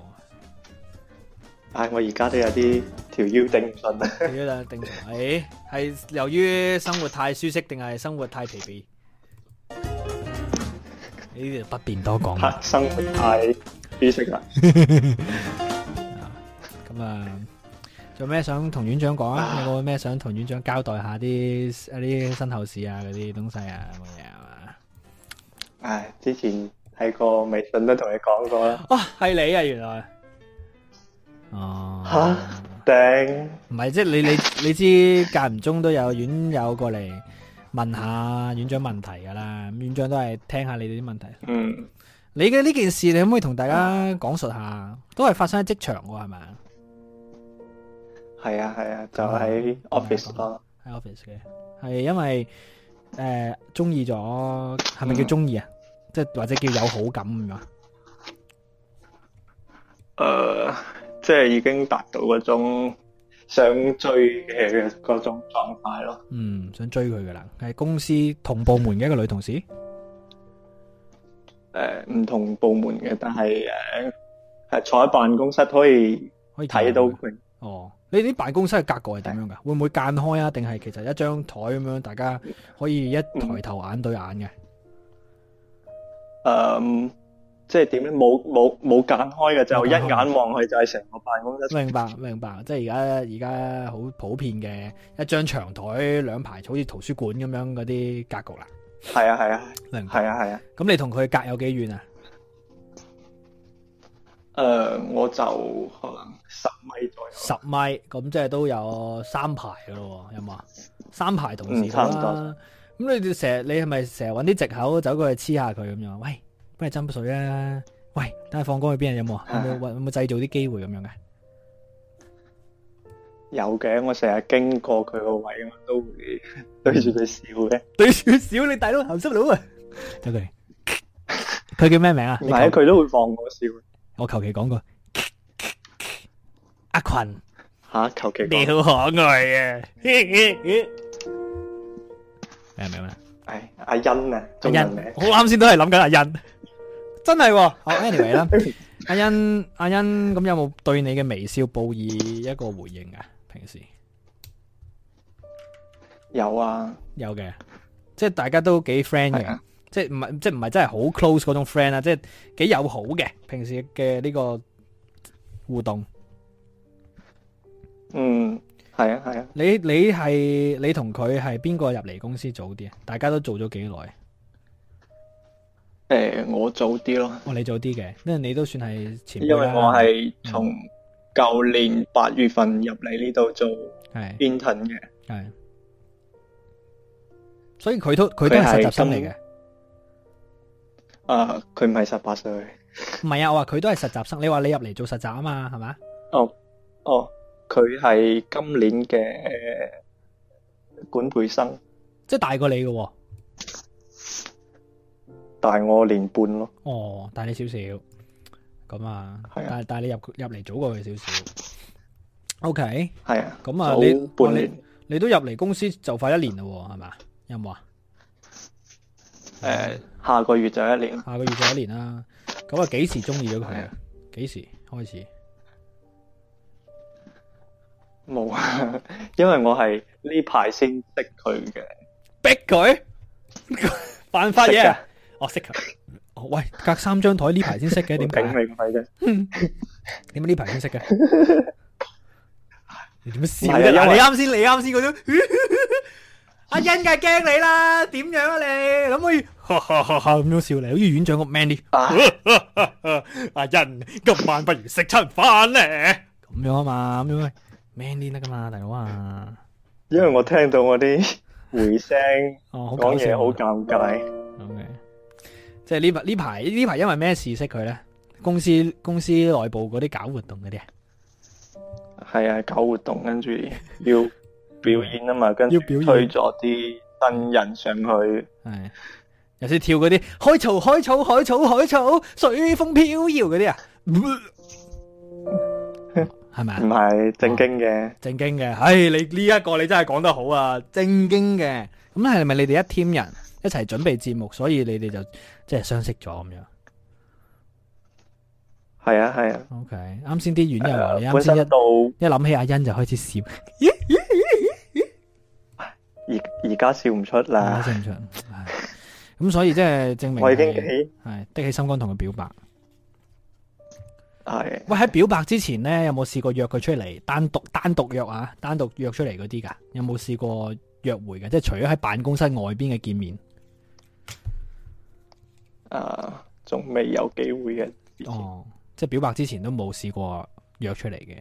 唉、哎，我而家都有啲條腰頂唔順啊！定係，係、 哎、由於生活太舒適，定係生活太疲憊？呢啲就不便多講。生活太舒適啦。咁 啊。有咩想同院長講啊？你有冇咩想同院長交代下啲一啲身後事啊？嗰啲東西啊，冇嘢係嘛？誒，之前喺個微信都同你講過啦。啊，係、哦、你啊，原來哦吓頂。唔係、啊，即係定你你你知間唔中都有院友過嚟問下院長問題噶啦。院長都係聽下你哋啲問題。嗯，你嘅呢件事你可唔可以同大家講述下？都係發生喺職場喎，係咪啊？係啊係啊，就喺 office 咯，喺 office 嘅。係、啊啊、因為誒中意咗，係、呃、咪叫中意啊？即係、嗯、或者叫有好感咁樣。誒、呃，即係已經達到嗰種想追嘅嗰種狀態咯。嗯，想追佢㗎喇，係公司同部門嘅一個女同事。誒、呃，唔同部門嘅，但係誒係坐喺辦公室可以可以睇到佢。哦。你哋啲辦公室嘅格局係點樣噶？是的 會唔會間開啊？定係其實一張台咁樣，大家可以一抬頭眼對眼嘅？誒、嗯，即係點樣？冇冇冇間開嘅，白就一眼望去就係成個辦公室。明白明白，即係而家而家好普遍嘅一張長台兩排，好似圖書館咁樣嗰啲格局啦。係啊係啊，明係啊係啊。咁你同佢隔有幾遠啊？誒，我就可能。十米左右，十米咁即係都有三排噶咯，有冇？ 三排同，啊、不差唔多。咁你哋成日，你係咪成日揾啲藉口走過去黐下佢咁樣？喂，不如斟水啊！喂，等下放歌去邊有冇啊？有冇製造啲機會咁樣嘅？有嘅，我成日經過佢個位，我都會對住佢笑嘅。 對住佢笑，你大佬鹹濕佬啊！睇佢，佢叫咩名啊？唔係是，佢求都會放我笑。我求其講句。阿群吓，求其、啊、你好可愛啊！明唔明啊？哎，阿欣啊，中啊阿欣， 我啱先都係諗緊阿欣， 真係。好，Anyway 啦，阿欣，阿欣，咁有冇對你嘅微笑報以一個回應啊？平時有啊，有嘅，即係大家都幾 friend 嘅、啊，即係唔係，即係唔係真係好 close 嗰種 friend 啊，即係幾友好嘅，平時嘅呢個互動。嗯，係啊，係啊。你你係你同佢係邊個入嚟公司早啲啊？大家都做咗幾耐？誒、欸，我早啲咯。哦，你早啲嘅，因為你都算係前。因為我係從舊年八月份入嚟呢度做 intern 嘅。係、嗯。所以佢都佢都係實習生嚟嘅。啊，佢唔係十八歲。唔 係啊，我話佢都係實習生。你話你入嚟做實習啊嘛，係咪？哦，哦。佢係今年嘅、呃、管培生，即係大過你嘅、啊，喎。大我年半咯。哦，大你少少，咁啊，但係但係你入入嚟早過佢少少。O K，係啊，咁啊，你半年，你都入嚟公司就快一年喎，係咪有冇啊？誒、啊呃，下個月就一年，下個月就一年啦。咁啊，幾時鍾意咗佢啊？幾時開始？冇啊，因為我係呢排先識佢嘅，逼佢扮法嘢我識佢，哦喂，隔三張台呢排先識嘅，點解？你唔係嘅，點解呢排先識嘅？你點樣笑你啱先，你啱先嗰種。阿欣梗係驚你啦，點樣啊你？諗住咁樣笑你，好似院長咁 man 啲。阿欣今晚不如食餐飯咧，咁樣啊嘛？咁樣。咩啲得噶嘛，大佬啊！因為我聽到我啲回聲，講嘢好尷尬。O K，即係呢排呢排呢排，因為咩、okay。事識佢咧？公司公司內部嗰啲搞活動嗰啲啊？係啊，搞活動跟住要表演啊嘛， 跟住要表推咗啲新人上去，係有啲跳嗰啲海草海草海草海草，隨風飄搖嗰啲啊！ 係咪？唔係正經嘅、哦，正經嘅。唉、哎，你呢一個你真係講得好啊！正經嘅，咁係咪你哋一 team 人一齊準備節目，所以你哋就即係相識咗咁樣？係啊，係啊。OK，啱先啲軟人，你啱先一到一諗起阿欣就開始笑，而而家笑唔出啦，笑唔出，出。咁所以即係證明，我已經係的起心肝同佢表白。係喂，喺表白之前呢，有冇試過約佢出嚟，單獨單獨約啊？單獨約出嚟嗰啲噶有冇試過約會嘅？即係除咗喺辦公室外邊嘅見面，啊，仲未有機會嘅。哦，即係表白之前都冇試過約出嚟嘅。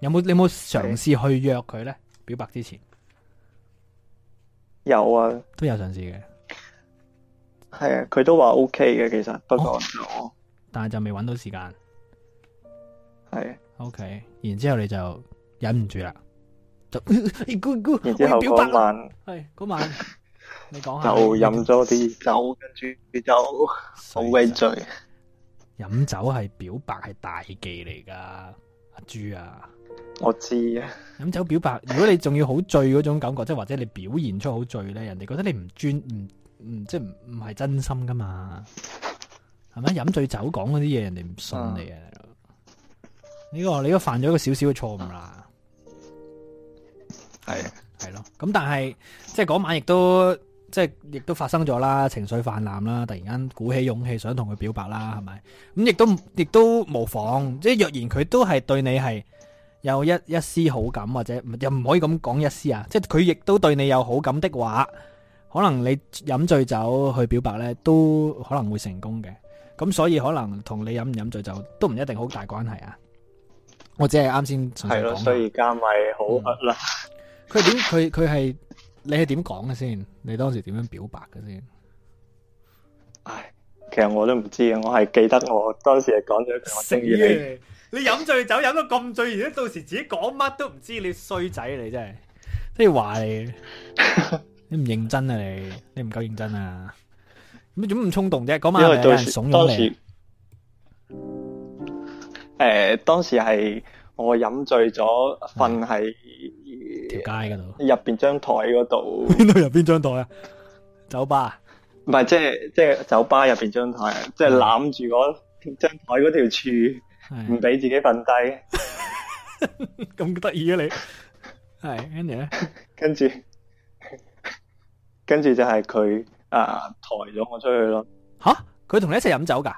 有冇，你有冇嘗試去約佢呢？的表白之前有啊，都有嘗試嘅。係啊，佢都話 OK 嘅，其實不過、哦、我，但係就未揾到時間。係是，OK，然之後你就忍唔住啦，就， 哎、呦呦呦然之後表白啦，係嗰晚，晚 你講下。就飲咗啲酒，跟住你就好鬼了醉。飲酒係表白係大忌嚟噶，阿朱啊，啊，我知啊。飲酒表白，如果你仲要好醉嗰種感覺，即係或者你表現出好醉咧，人哋覺得你唔專唔唔，即係唔唔係真心噶嘛？係咪飲醉酒講嗰啲嘢， 人哋唔信你啊？嗯呢個你都犯咗一個少少嘅錯誤啦，係係咯。咁但係即係嗰晚亦都即係亦都發生咗啦，情緒氾濫啦，突然間鼓起勇氣想同佢表白啦，係咪？咁亦都亦都無妨，即係若然佢都係對你係有一一絲好感或者又唔可以咁講一絲啊，即係佢亦都對你有好感的話，可能你飲醉酒去表白呢，都可能會成功嘅。咁所以可能同你飲唔飲醉酒都唔一定好大關係啊。我只係啱先係咯，所以而家咪好厄啦。佢點、嗯？佢佢係你係點講嘅先？你當時點樣表白嘅先？唉，其實我都唔知嘅。我係記得我當時係講咗一句我中意你。你飲醉酒飲到咁醉，而家到時自己講乜都唔知，你衰仔，你真係即係話你。你唔認真啊你？你唔夠認真啊？你點咁衝動啫？嗰晚係有人慫恿你。誒，當時係我飲醉咗，瞓喺條街嗰度，入邊張台嗰度。邊度入邊張台啊？酒吧？唔係，即係即係酒吧入邊張台，嗯、即係攬住嗰張台嗰條柱，唔俾 自己瞓低。咁得意啊你？係 Andy 咧，跟住跟住就係佢啊抬咗我出去咯。吓、啊，佢同你一齊飲酒噶？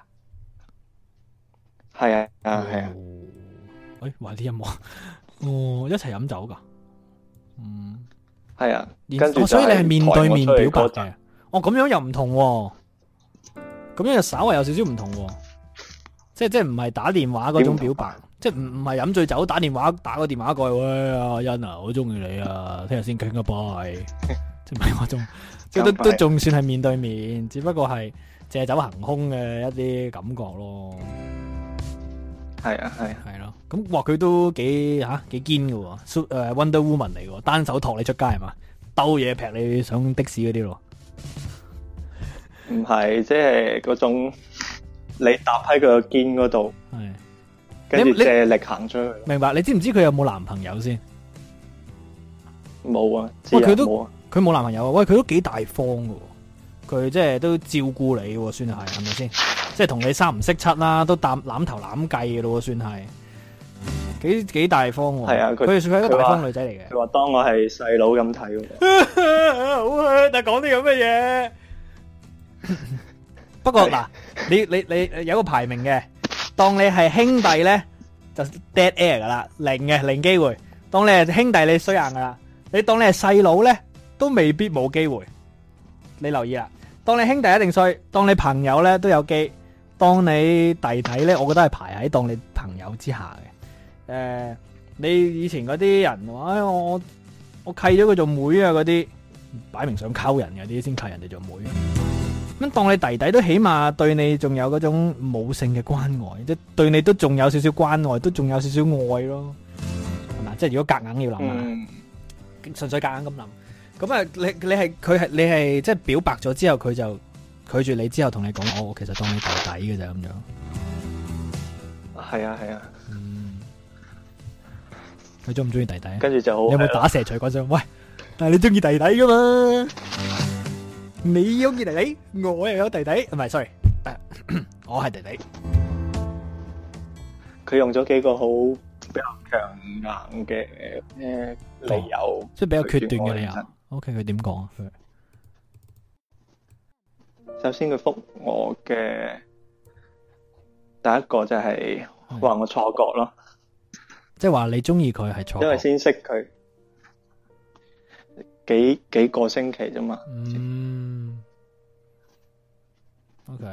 係啊，啊係啊，喂，玩啲音樂， 哦一齊飲酒噶嗯係啊，所以你係面對面表白嘅？哦咁樣又唔同，啊，咁樣又稍微有少少唔同，即係即係唔係打電話嗰種表白是是，即係唔唔係飲醉酒打電話打個電話過去，喂，啊，阿欣啊好中意你啊，聽日先傾啊 bye，即係 都都仲算係面對面，只不過係借酒行凶嘅一啲感覺咯。係啊，係係咯，咁哇佢都幾吓幾堅噶，喎。誒、啊啊、Wonder Woman 嚟噶，單手托你出街係嘛？兜嘢劈你上的士嗰啲咯。唔係，即係嗰種你搭喺佢個肩嗰度，係跟住借力行出去。明白？你知唔知佢有冇男朋友先？冇啊，喂佢都佢冇男朋友啊，喂佢都幾大方噶，佢即係都照顧你，算係係咪先？即係同你三唔識七啦，都膽攬頭攬計噶咯，算係幾幾大方喎。係啊，佢算係一個大方女仔嚟嘅。佢話當我係細佬咁睇，好啊！但係講啲咁嘅嘢。不過嗱， 你你你有個排名嘅，當你係兄弟咧，就 dead air 噶啦，零嘅零機會。當你係兄弟，你衰硬噶啦。你當你係細佬咧，都未必冇機會。你留意啦，當你兄弟一定衰，當你朋友咧都有機。當你弟弟咧，我覺得係排喺當你朋友之下嘅。誒、呃，你以前嗰啲人話、哎，我我契咗佢做妹啊，嗰啲擺明想溝人嘅啲先契人哋做妹。咁當你弟弟都起碼對你仲有嗰種母性嘅關，即係、關愛，都對你都仲有少少關愛，都仲有少少愛咯，係、啊、嘛？即係如果夾硬要諗啦，純、嗯、粹夾硬咁諗。咁啊，你係係你係佢係你係即係表白咗之後佢就。拒絕你之後，同你講我，其實當你弟弟嘅啫咁樣。係啊係啊。啊嗯。佢中唔中意弟弟？跟住就好，好。有冇打蛇隨棍上？喂，但你中意弟弟噶嘛？啊、你中意弟弟，我又有弟弟，唔係，sorry， 我係弟弟。佢用咗幾個好比較強硬嘅誒理由，即係比較決斷嘅理由。OK，佢點講啊？首先佢復我嘅第一個就係話我錯覺咯，即係話你中意佢係錯覺，因為先識佢幾幾個星期啫嘛，嗯。嗯前，OK，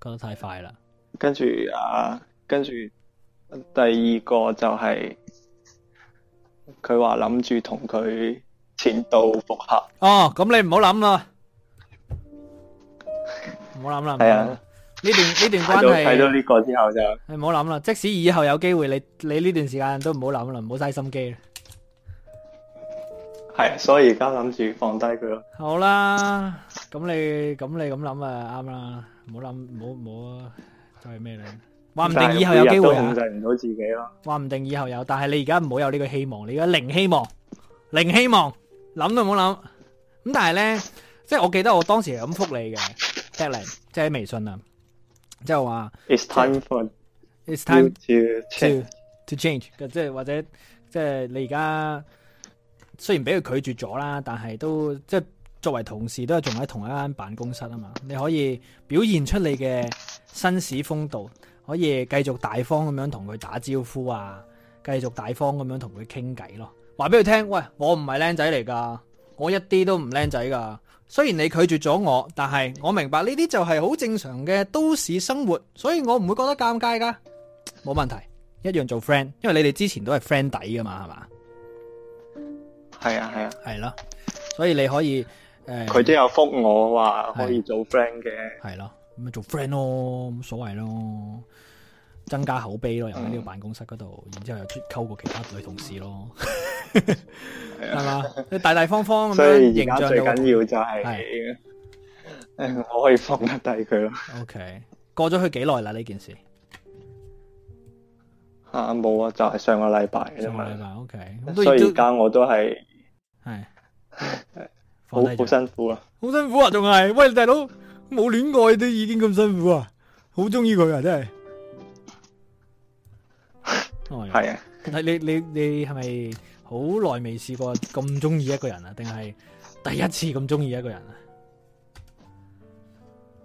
講得太快啦。跟住啊，跟住第二個就係佢話諗住同佢前度復合。哦，咁你唔好諗啦。唔好諗啦，係啊，呢段呢段關係睇到呢個之後就誒，唔好諗啦。即使以後有機會，你你呢段時間都唔好諗啦，唔好嘥心機。係，所以而家諗住放低佢咯。好啦，咁你咁你咁諗啊，啱啦。唔好諗，唔好唔好啊，就係咩咧？話唔定以後有機會啊。控制唔到自己咯。話唔定以後有，但係你而家唔好有呢個希望，你而家零希望，零希望諗都唔好諗咁。但係咧，即係我記得我當時係咁復你嘅。即係喺微信啊，即係話。It's time for it's time you to, to to change 即。即係或者即係你而家雖然俾佢拒絕咗啦，但係都即係作為同事都係仲喺同一間辦公室啊嘛。你可以表現出你嘅紳士風度，可以繼續大方咁樣同佢打招呼啊，繼續大方咁樣同佢傾偈咯。話俾佢聽，喂，我唔係靚仔嚟噶，我一啲都唔靚仔噶。雖然你拒絕咗我，但係我明白呢啲就係好正常嘅都市生活，所以我唔會覺得尷尬㗎，冇問題，一樣做 friend，因為你哋之前都係 friend 底㗎嘛，係嘛？係啊，係啊，係咯、啊，所以你可以誒，佢都有覆我話可以做 friend 嘅，係咯、啊，咁、啊、咪做 friend 咯，咁所謂咯。增加口碑咯，又喺呢個辦公室嗰度，嗯、然之後又溝過其他女同事咯，係 嘛、啊？你大大方方咁樣，形象最緊要就係、是，是我可以放得低佢咯。OK，過咗去幾耐啦？呢件事吓，冇啊，就係上個禮拜嘅啫嘛。OK，所以而家我都係係係，好好辛、 辛苦啊，好辛苦啊，仲係，喂，大佬冇戀愛都已經咁辛苦啊，好中意佢啊，真係。係啊，但係你你你係咪好耐未試過咁中意一個人啊？定係第一次咁中意一個人啊？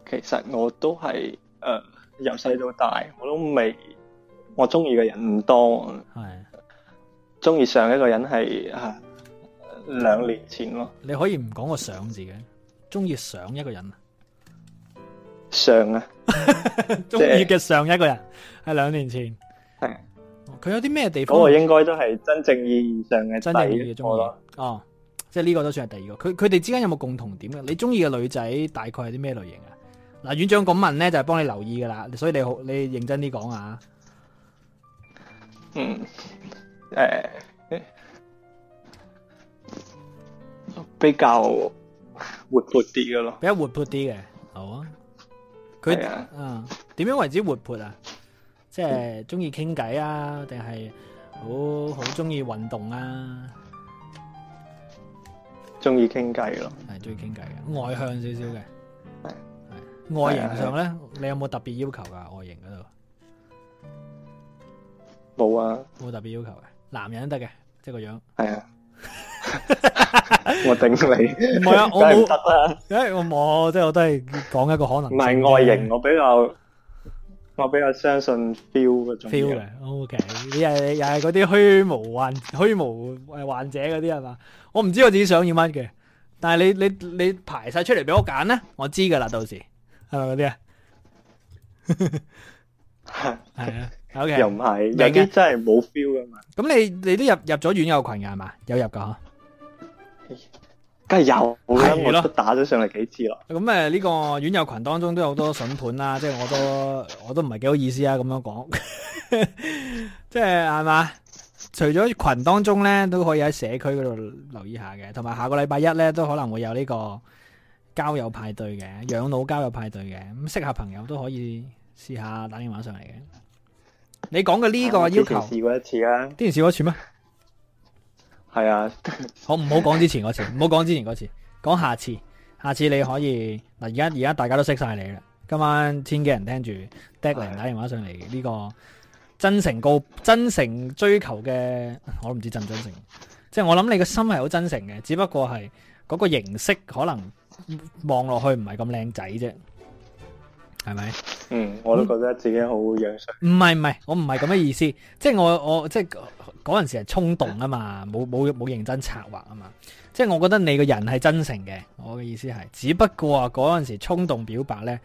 其實我都係誒，由細到大我都未我中意嘅人唔多。係中意上一個人係啊，兩年前咯。你可以唔講個上字嘅，中意上一個人啊？上啊，中意嘅上一個人係兩年前。佢有啲咩地方？嗰個應該都係真，真正意義上嘅，真正意義中意咯。哦，即係呢個都算係第二個。佢佢哋之間有冇共同點嘅？你中意嘅女仔大概係啲咩類型啊？嗱，院長咁問咧就係、是、幫你留意噶啦，所以你好，你認真啲講啊。嗯。誒、呃，比較活潑啲嘅咯，比較活潑啲嘅。好啊。佢啊，點的、嗯、樣為之活潑啊？即係中意傾偈啊，定係好好中意運動啊？中意傾偈咯，係中意傾偈嘅，外向少少嘅。係，外形上咧，你有冇特別要求噶？外形嗰度冇啊，冇特別要求嘅，男人得嘅，即係個樣。係啊，我頂你，唔係啊，我冇得啊，誒，我冇，即係我都係講一個可能。唔係外形，我比較。我比較相信 fe feel 嗰種嘅，OK，你係又係嗰啲虛無虛無患者嗰啲係嘛？我唔知我自己想要乜嘅，但係你你你排晒出嚟俾我揀咧，我知噶啦，到時係咪嗰啲啊？係啊，OK，又唔係有啲真係冇 feel 噶嘛？咁你你都入入咗院友群噶係嘛？有入噶？梗係有，係咯，打咗上嚟幾次咯。咁誒，呢個院友群當中都有好多筍盤啦，即係我都我都唔係幾好意思啊，咁樣講，即係係嘛。除咗群當中咧，都可以喺社區嗰度留意下嘅，同埋下個禮拜一咧都可能會有呢個交友派對嘅，養老交友派對嘅，咁適合朋友都可以試下打電話上嚟嘅。你講嘅呢個要求，試過一次啊？之前試過一次咩？係是啊 好，好唔好講之前嗰次？唔好講之前嗰次，講下次。下次你可以嗱，而家而家大家都識晒你啦。今晚千幾人聽住，deadline 打電話上嚟呢是的 個真誠告真誠追求嘅，我都唔知真唔真誠。即係我諗你個心係好真誠嘅，只不過係嗰個形式可能望落去唔係咁靚仔啫。係咪？是嗯，我都覺得自己好樣衰。唔係唔係，我唔係咁嘅意思， 即係我我即係嗰陣時係衝動啊嘛，冇冇冇認真策劃啊嘛。即係我覺得你個人係真誠嘅，我嘅意思係，只不過啊嗰陣時衝動表白咧，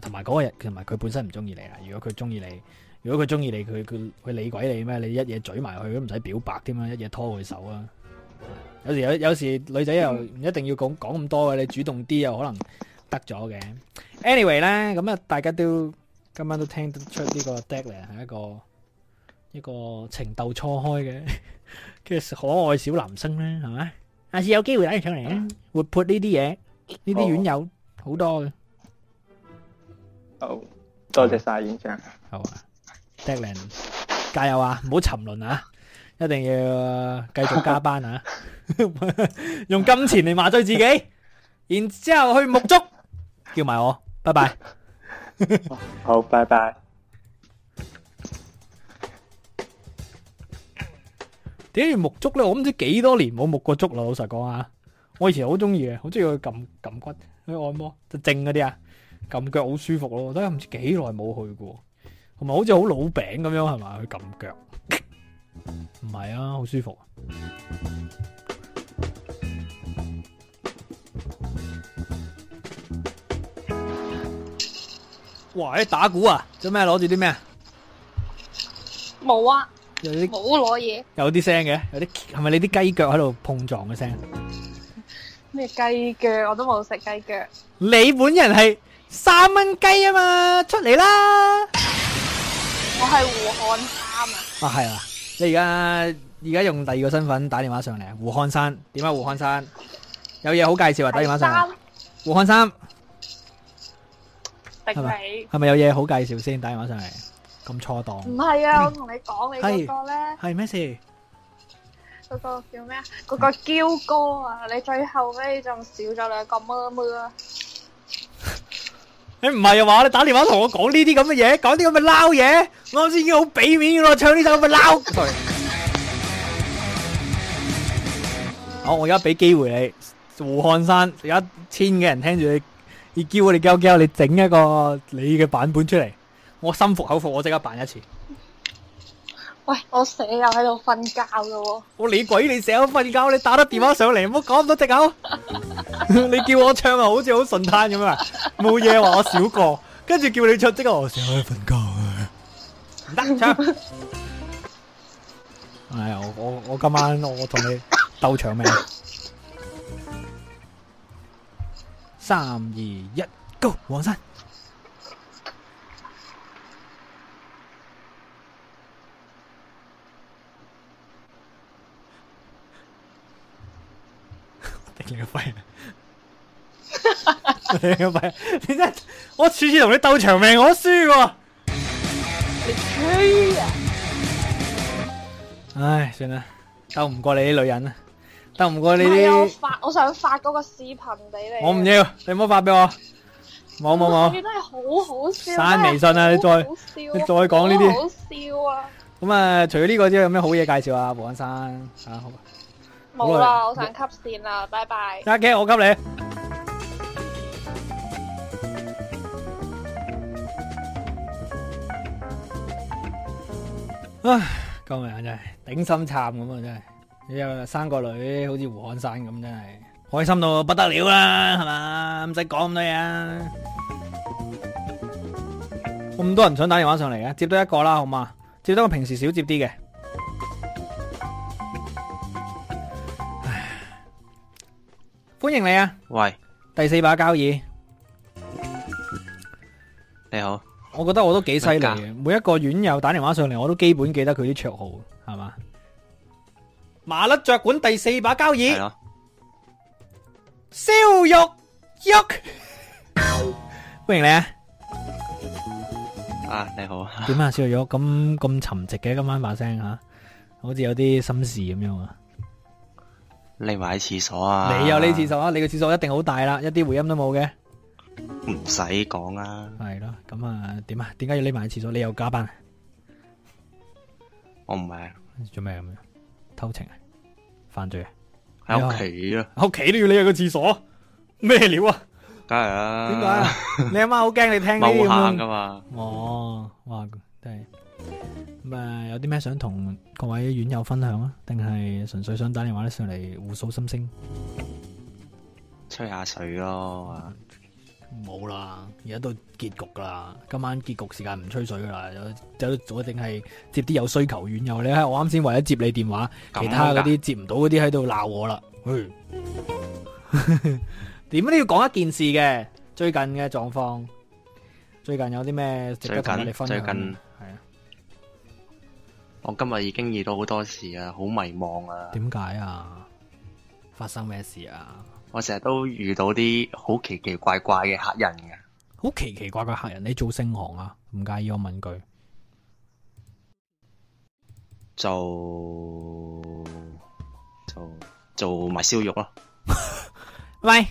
同埋嗰個人同埋佢本身唔中意你啦。如果佢中意你，如果佢中意你，佢佢佢理鬼你咩？你一嘢嘴埋去，都唔使表白添啦，一嘢拖佢手啦。有時有有時女仔又唔一定要講講咁多嘅，你主動啲又可能。得咗嘅，anyway 咧，咁啊，大家都今晚都聽得出呢個 Declan 係一個一個情竇初開嘅，即係可愛小男生咧，係咪？下次有機會帶佢上嚟啊！活潑呢啲嘢，呢啲院友好多嘅。好，多謝晒院長。好啊，Declan 加油啊！唔好沉淪啊，一定要繼續加班啊！用金錢嚟麻醉自己，然之後去沐足。叫埋我，拜拜。好，拜拜。點解要沐足咧？我唔知幾多年冇沐過足啦。老實講啊，我以前好中意嘅，好中意去撳撳骨，去按摩，就正嗰啲啊，撳腳好舒服咯。都唔知幾耐冇去過，同埋好似好老餅咁樣係咪？去撳腳，唔係啊，好舒服。哇！你打鼓啊？做咩？攞住啲咩？冇啊！冇攞嘢。有啲聲嘅，有啲係咪你啲雞腳喺度碰撞嘅聲？咩雞腳？我都冇食雞腳。你本人係三蚊雞啊嘛？出嚟啦！我係胡漢三啊！啊係啊！你而家而家用第二個身份打電話上嚟啊？胡漢三，點解？胡漢三，有嘢好介紹啊？打電話上嚟，胡漢三。係咪？係咪有嘢好介紹先？打電話上嚟，咁錯檔？唔係啊，我同你講，你嗰個咧係咩事？嗰個叫咩啊？嗰個嬌哥啊！你最後尾仲少咗兩個乜乜？你唔係啊嘛？你打電話同我講呢啲咁嘅嘢，講啲咁嘅撈嘢。我啱先已經好俾面嘅咯，唱呢首咁嘅撈對。好，我而家俾機會你，胡漢山，有一千嘅人聽住你。你叫我哋教教，你整一個你嘅版本出嚟，我心服口服，我即刻扮一次。喂，我成又喺度瞓覺嘅喎。我、哦、你鬼，你成日瞓覺！你打得電話上嚟，唔好講咁多隻口。 你叫我唱啊，好似好順攤咁啊，冇嘢話我少過。跟住叫你唱，即刻我上喺瞓覺唔得唱。 哎我我我今晚我同你鬥唱咩？三二一，Go！黃生，頂你個肺！頂你個肺！你真，我次次同你鬥長命，我輸喎。你黐線！唉算啦，鬥唔過你啲女人啊！得唔過呢啲？係啊，發我想發嗰個視頻俾你。我唔要，你唔好發俾我。冇冇冇。你真係好好笑。刪微信啊！你再你再講呢啲。好笑啊！咁啊，除咗呢個之外，有咩好嘢介紹啊？胡漢生吓，好。冇啦，我想 cut 線啦，拜拜。得嘅，我 cut 你。唉，救命啊！真係頂心杉咁啊！真係。又生個女，好似胡漢山咁，真係開心到不得了啦，係嘛？唔使講咁多嘢，咁多人想打電話上嚟嘅，接多一個啦，好嘛？接多個平時少接啲嘅。歡迎你啊！喂，第四把交椅，你好。我覺得我都幾犀利嘅，每一個院友打電話上嚟，我都基本記得佢啲綽號，係嘛？麻甩雀館第四把交椅，燒肉的肉，肉 歡迎你啊！啊，你好，點啊？燒肉肉咁咁沉寂嘅，今晚把聲吓，好似有啲心事咁樣啊！匿埋喺廁所啊？你又匿廁所啊？你個廁所一定好大啦，一啲回音都冇嘅，唔使講啊！係咯，咁啊，點啊？點解要匿埋喺廁所？你又加班？我唔係啊，做咩咁樣？偷情啊！犯罪啊！喺屋企啊！喺屋企都要你入、去個廁所，咩料啊！梗係啦，點解啊？ 你阿媽好驚你聽呢啲咁啊！我話即係咁啊，哦、麼有啲咩想同各位院友分享啊？定係純粹想打電話咧上嚟互訴心聲，吹下水咯。嗯冇啦，而家都結局啦，今晚結局時間唔吹水啦，有有，我淨係接啲有需求院友。你睇我啱先為咗接你電話，啊、其他嗰啲接唔到嗰啲喺度鬧我啦。點都 要講一件事嘅？最近嘅狀況，最近有啲咩值得我分享？最近，最近我今日已經遇到好多事啊，好迷茫啊。點解啊？發生咩事啊？我成日都遇到啲好奇奇怪怪嘅客人嘅，好奇奇怪怪客人，你做盛行啊？唔介意我問句，做做做埋燒肉咯？喂 是，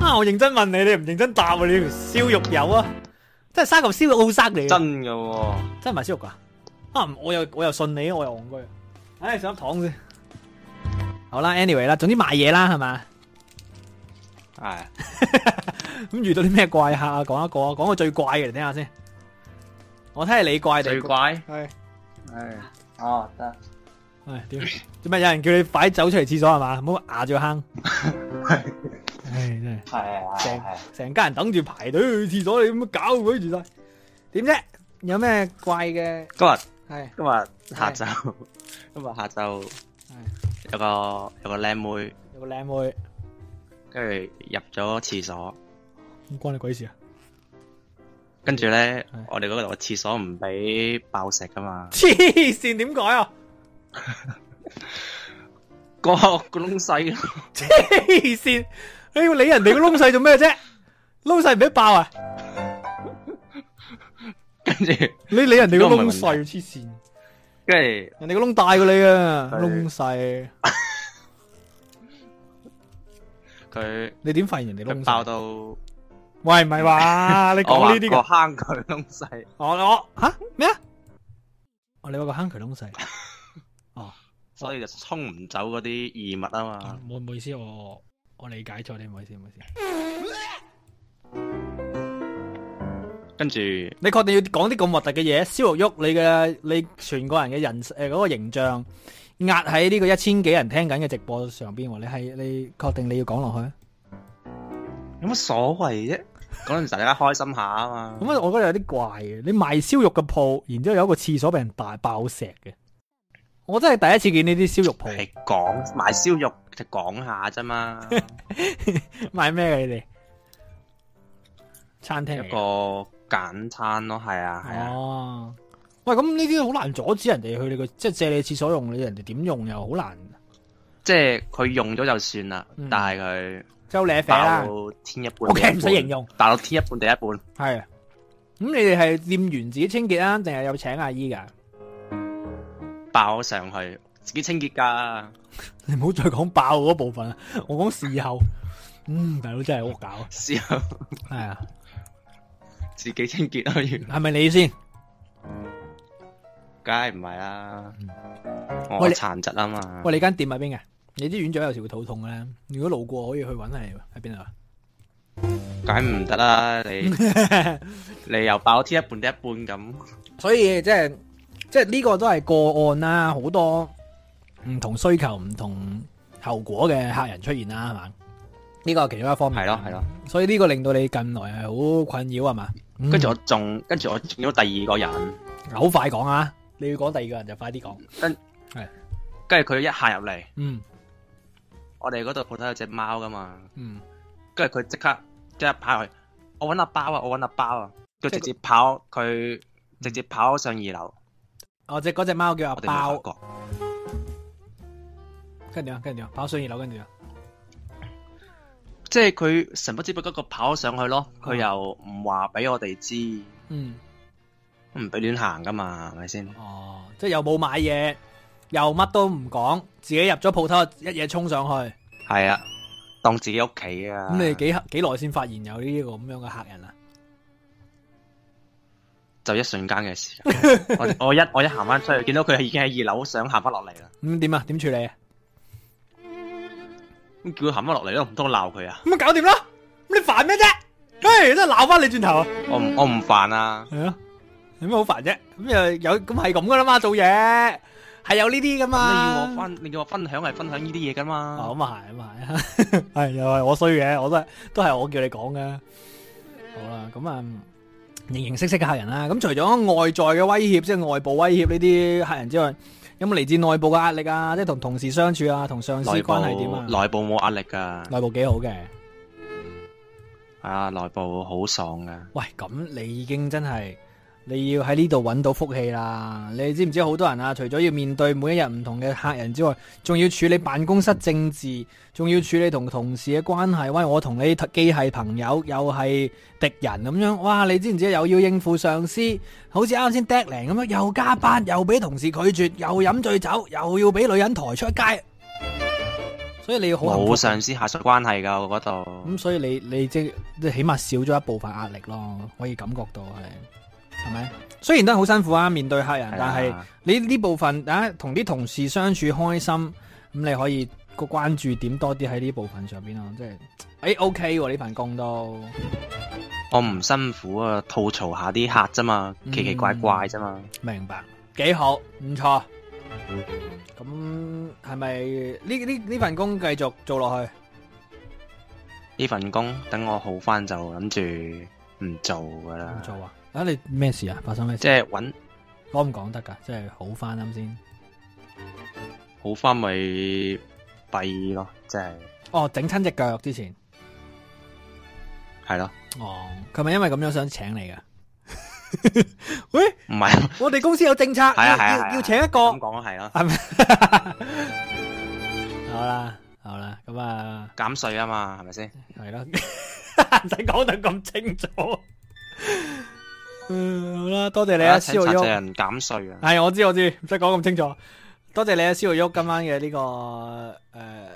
啊我認真問你，你唔認真答你？燒肉有啊？真係生咁燒肉好生你真噶？真賣燒肉啊？啊我又我又信你，我又戇居，唉、哎，上粒糖先。好啦，anyway 啦，總之賣嘢啦，係嘛？係。咁遇到啲咩怪客啊？講一個，講個最怪嘅嚟聽下先。我睇係你怪定？最怪。係。係。哦，得。係點？做乜？有人叫你擺走出嚟廁所係嘛？唔好壓住坑。係。唉，真係。係係係。成成家人等住排隊去廁所，你咁樣搞鬼住晒，點啫？有咩怪嘅？今日。係。今日下晝。今日下晝。有個有個靚妹，有個靚妹，跟住入咗廁所，唔關你鬼事啊！跟住咧，的我哋嗰度個廁所唔俾爆石噶嘛，黐線，點解啊？個窿細，黐線！你要理人哋個窿細做咩啫？窿細唔俾爆啊！跟住你理人哋個窿細，黐線。 因為人哋個窿大過你啊，窿細。佢你點發現人哋窿爆到？喂，唔係話你講呢啲個坑渠窿細，哦。我我吓咩啊？我你話個坑渠窿細。哦， 哦，所以就沖唔走嗰啲異物啊嘛。唔好意思，我我理解錯你，唔好意思，唔好意思。跟住，你確定要講啲咁核突嘅嘢？燒肉喐，你嘅你全個人嘅人誒嗰個形象壓喺呢個一千幾人聽緊嘅直播上邊，你係你確定你要講落去？有乜所謂啫？講大家開心一下啊嘛！咁 我覺得有啲怪嘅。你賣燒肉嘅鋪，然之後有一個廁所俾人大爆，爆石嘅，我真係第一次見呢啲燒肉鋪。係講賣燒肉，就講下啫嘛。賣咩 你哋？餐廳一個。簡餐咯，係啊，係啊、哦。喂，咁呢啲好難阻止人哋去你個，即係借你廁所用，你人哋點用又好難。即係佢用咗就算啦，嗯、但係佢。周你肥啦，天一半、啊。O K，唔使形容。大佬天一半地一半。係、啊。咁、嗯、你哋係店員自己清潔啊，定係有請阿姨噶？爆上去，自己清潔噶、啊。 你唔好再講爆嗰部分啦，我講事後。 嗯，大佬真係惡搞。事後係啊。自己清潔啊！完，係咪你先？梗係唔係啦，嗯、我殘疾啊嘛。喂，你間店喺邊㗎？你啲院長有時會肚痛咧。如果路過可以去揾你，喺邊度啊？梗唔得啦！你 你又爆天一半，得一半咁。 所以即係即係呢個都係個案啦，好多唔同需求、唔同後果嘅客人出現啦，係嘛？呢、這個係其中一方面。係咯，係咯。所以呢個令到你近來係好困擾，係嘛。跟住、嗯、我仲跟住我仲要第二個人，好 快講啊！你要講第二個人就快啲講。跟係跟住佢一下入嚟，嗯，我哋嗰度鋪頭有隻貓噶嘛，嗯，跟住佢即刻即刻跑去，我搵阿包啊，我搵阿包啊，佢是直接跑，佢直接跑上二樓。哦，隻嗰隻貓叫阿包。跟住點啊？跟住點啊？跑上二樓跟住點啊？即係佢神不知鬼不覺跑咗上去咯，佢又唔話俾我哋知，唔俾亂行噶嘛，係咪先？哦，即係又冇買嘢，又乜都唔講，自己入咗鋪頭，一嘢衝上去，係啊，當自己屋企啊。咁你幾幾耐先發現有呢個咁樣嘅客人啊？就一瞬間嘅時間， 我我一我一行翻出去，見到佢已經喺二樓，想行翻落嚟啦。咁點、嗯、啊？點處理啊？叫佢含翻落嚟咯，唔通鬧佢啊？咁咪搞掂咯！咁你煩咩啫？嘿，都係鬧翻你轉頭啊！我唔我唔煩啊！係啊，有咩好煩啫？咁又有咁係咁噶啦嘛，做嘢係有呢啲噶嘛。咁要我分，你叫我分享係、就是、分享呢啲嘢噶嘛？哦、嗯，咁啊係，咁啊係，嗯嗯、 又係我衰要嘅，我都是都係我叫你講嘅。好啦，咁啊、嗯，形形色色嘅客人啦、啊。咁除咗外在嘅威脅，即、就、係、是、外部威脅呢啲客人之外。有冇嚟自內部嘅壓力啊？即係同同事相處啊，同上司關係點啊？內部冇壓力噶，內部幾好嘅，係啊，內部好爽噶。喂，咁你已經真係。你要喺呢度揾到福氣啦！你知唔知好多人啊？除咗要面對每一日唔同嘅客人之外，仲要處理辦公室政治，仲要處理同同事嘅關係。喂，我同你既係朋友又係敵人咁樣，哇！你知唔知又要應付上司？好似啱先 d 零咁樣，又加班，又俾同事拒絕，又飲醉酒，又要俾女人抬出街。所以你要好好上司下屬關係噶嗰度。咁所以你你即係起碼少咗一部分壓力咯，可以感覺到係。係咪？雖然都係好辛苦啊，面對客人，是是但係你呢部分啊，同啲同事相處開心，咁你可以個關注點多啲喺呢部分上邊咯。即係誒、哎、OK 呢、啊、份工都，我唔辛苦啊，吐槽一下啲客咋嘛，嗯、奇奇怪怪咋嘛，明白，幾好，唔錯，咁係咪呢呢呢份工繼續做落去？呢份工等我好翻就諗住唔做噶啦，唔做啊？啊！你咩事啊？發生咩事？即係穩，講唔講得噶？即係好翻啱先，好翻咪弊咯，即係。哦，整親隻腳之前，係咯的。哦，佢咪因為咁樣想請你噶？喂、 欸，唔係、啊，我哋公司有政策，要、 啊啊啊啊、要請一個咁講係咪？好啦，好啦，咁啊，減稅啊嘛，係咪先？係咯是的，唔使講得咁清楚。 嗯好啦，多謝你啊！消玉人減稅啊，係我知我知，唔使講咁清楚。多謝你啊，肖玉屋今晚嘅呢、呢個誒、呃、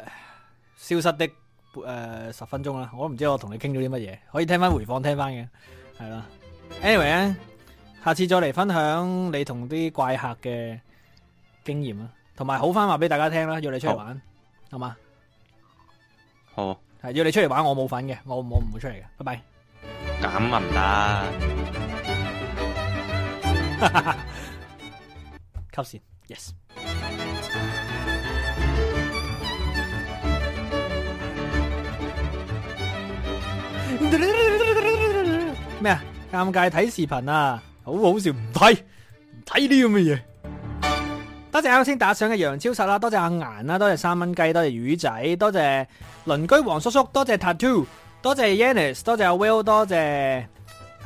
消失的誒十、呃、分鐘啦，我都唔知我同你傾咗啲乜嘢，可以聽翻回放聽翻嘅，係啦。Anyway 下次再嚟分享你同啲怪客嘅經驗啦，同埋好翻話俾大家聽啦，約你出嚟玩，好嘛？好係吧，約好你出嚟玩我冇份嘅，我我唔會出嚟嘅，拜拜。咁啊唔得。哈！痴線，yes。咩啊？尷尬睇視頻啊，好好笑，唔睇唔睇呢咁嘅嘢。多謝啱先打賞嘅楊超實啦，多謝阿顏啦，多謝三蚊雞，多謝魚仔，多謝鄰居黃叔叔，多謝 Tattoo，多謝 Yannis，多謝阿 Will，多謝。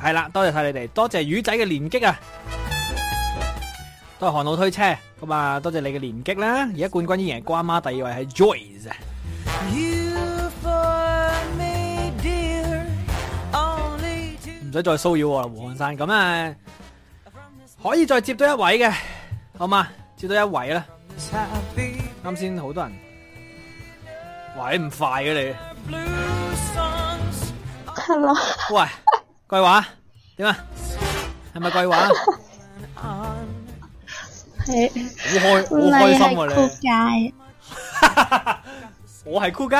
係啦，多謝晒你哋，多謝魚仔嘅連擊啊！多謝韓老推車咁啊，多謝你嘅連擊啦！而家冠軍依然係瓜媽第二位係 Joyce，唔使再騷擾我啦，胡漢山咁啊，可以再接到一位嘅，好嘛？接到一位啦！啱先好多人，喂唔快嘅、啊、你，hello 喂！貴話點啊？係咪貴話？好開好開心喎你！我係酷街，哈哈哈！我係酷街，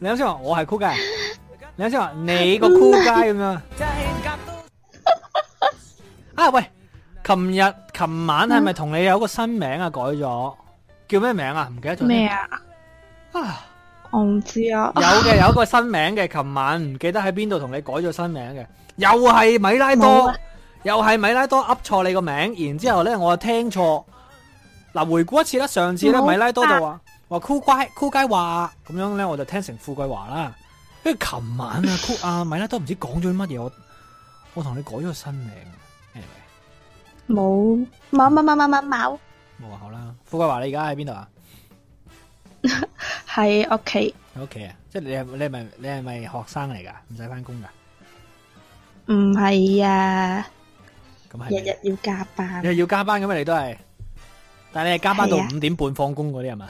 你啱先話我係酷街，你啱先話你個酷街咁樣。啊喂！琴日琴晚係咪同你有個新名啊？改咗叫咩名啊？唔記得咗咩啊？我唔知啊，有，有嘅有一個新名嘅，琴晚唔記得喺邊度同你改咗新名嘅，又係米拉多，沒啊、又係米拉多噏錯你個名，然之後咧我又聽錯。嗱，回顧一次啦，上次咧米拉多就話話酷乖酷街話，咁樣咧我就聽成富貴華啦。因為琴晚啊酷啊 米拉多唔知講咗乜嘢，我我同你改咗個新名，係咪？冇冇冇冇冇冇冇。冇話，好啦，富貴華你而家喺邊度啊？喺屋企，喺屋企啊！即係你係你係咪你係咪學生嚟噶？唔使翻工噶？唔係啊！咁係日日要加班，日日要加班咁啊！你都係，但係你係加班到五點半放工嗰啲係嘛？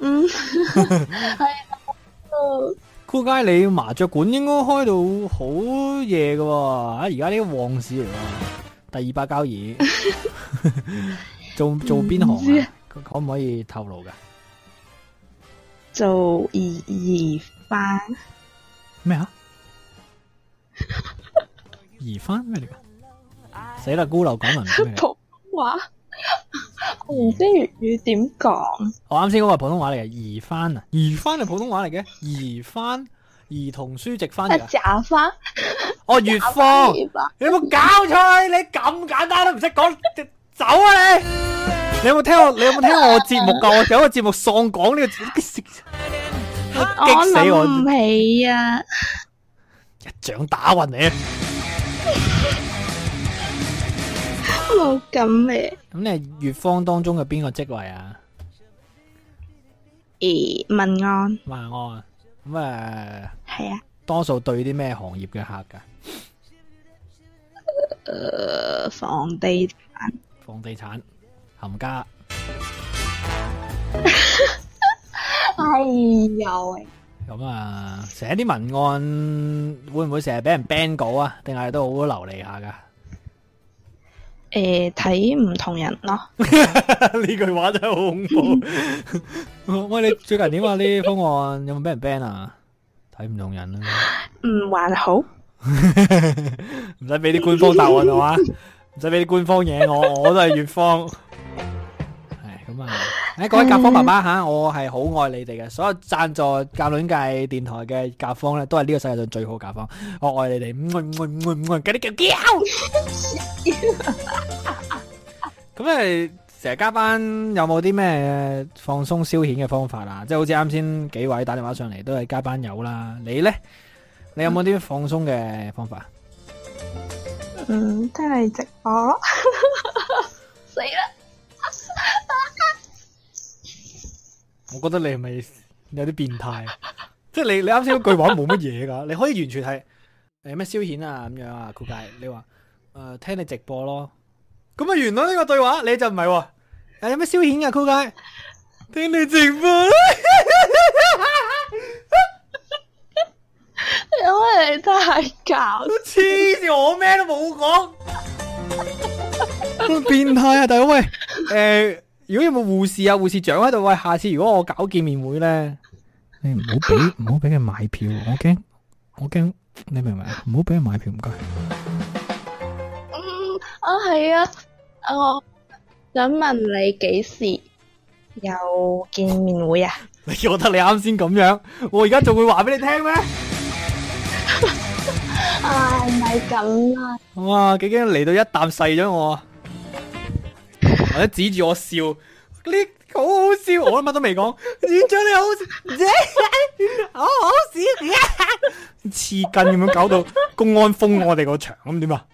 嗯，係啊，酷街，你麻雀館應該開到好夜噶？啊，而家呢個旺市嚟啊！第二把交椅！ 做做邊行，啊，不可唔可以透露噶？做移移翻咩啊？移翻咩嚟噶？死啦！孤陋寡聞，普通話唔知粵語點講。我啱先講係普通話嚟嘅，移翻啊，移翻係普通話嚟嘅，移翻兒童書籍翻嚟花、哦、啊，翻哦房，粵方、啊，你有冇搞錯？你咁簡單都唔識講， 走啊你！ 你有冇聽我？你有冇聽我節目噶？我有一個節目喪講呢個，激死我！我諗唔起啊！一掌打暈你！冇咁咩？咁你乙方當中嘅邊個職位啊？誒案，文案。文案，咁誒，係啊。多數、啊、對啲咩行業嘅客噶？誒、呃，房地產。房地產。行家，哎呀喂！咁啊，寫啲文案會唔會成日俾人 bang 稿啊？定係都好流利下噶？誒、欸，睇唔同人咯。呢 句話真係好恐怖。 嗯、喂，你最近點啊？啲方 案有冇俾人 ban 啊？睇唔同人啦、啊。嗯，還好。唔使俾啲官方答案係嘛、啊？唔使俾啲官方嘢我，我都係乙方。啊、各位甲方爸爸吓，我係好愛你哋嘅，所有贊助《教戀界》電台嘅甲方咧，都係呢個世界上最好甲方，我愛你哋！唔唔唔唔唔，快啲叫叫！咁誒，成日加班有冇啲咩放鬆消遣嘅方法啊？即係好似啱先幾位打電話上嚟都係加班友啦，你呢？你有冇啲放鬆嘅方法？嗯，聽下直播咯 死啦！我覺得你係咪有啲變態？ 即係你你啱先嗰句話冇乜嘢噶，你可以完全係誒有咩消遣啊咁樣啊，酷界，你話誒、呃、聽你直播咯。咁啊，原來呢個對話你就唔係喎？有咩消遣啊，酷界？聽你直播，因為你真係搞？都痴線，我咩都冇講。 變態啊，大佬喂誒！欸如果有冇護士啊，護士長喺度喂，下次如果我搞見面會咧，你唔好俾唔好俾佢買票， 我驚我驚，你明唔明啊？唔好俾佢買票，唔該。嗯啊，係、哦、啊，我想問你幾時有見面會啊？你覺得你啱先咁樣，我而家仲會話俾你聽咩？唉 哎，唔係咁啊！哇，幾驚嚟到一啖細咗我。或者指住我笑，你好好笑，我乜都未講， 院長你好，yeah, 好好笑，黐筋咁樣搞到公安封我哋個場咁點啊？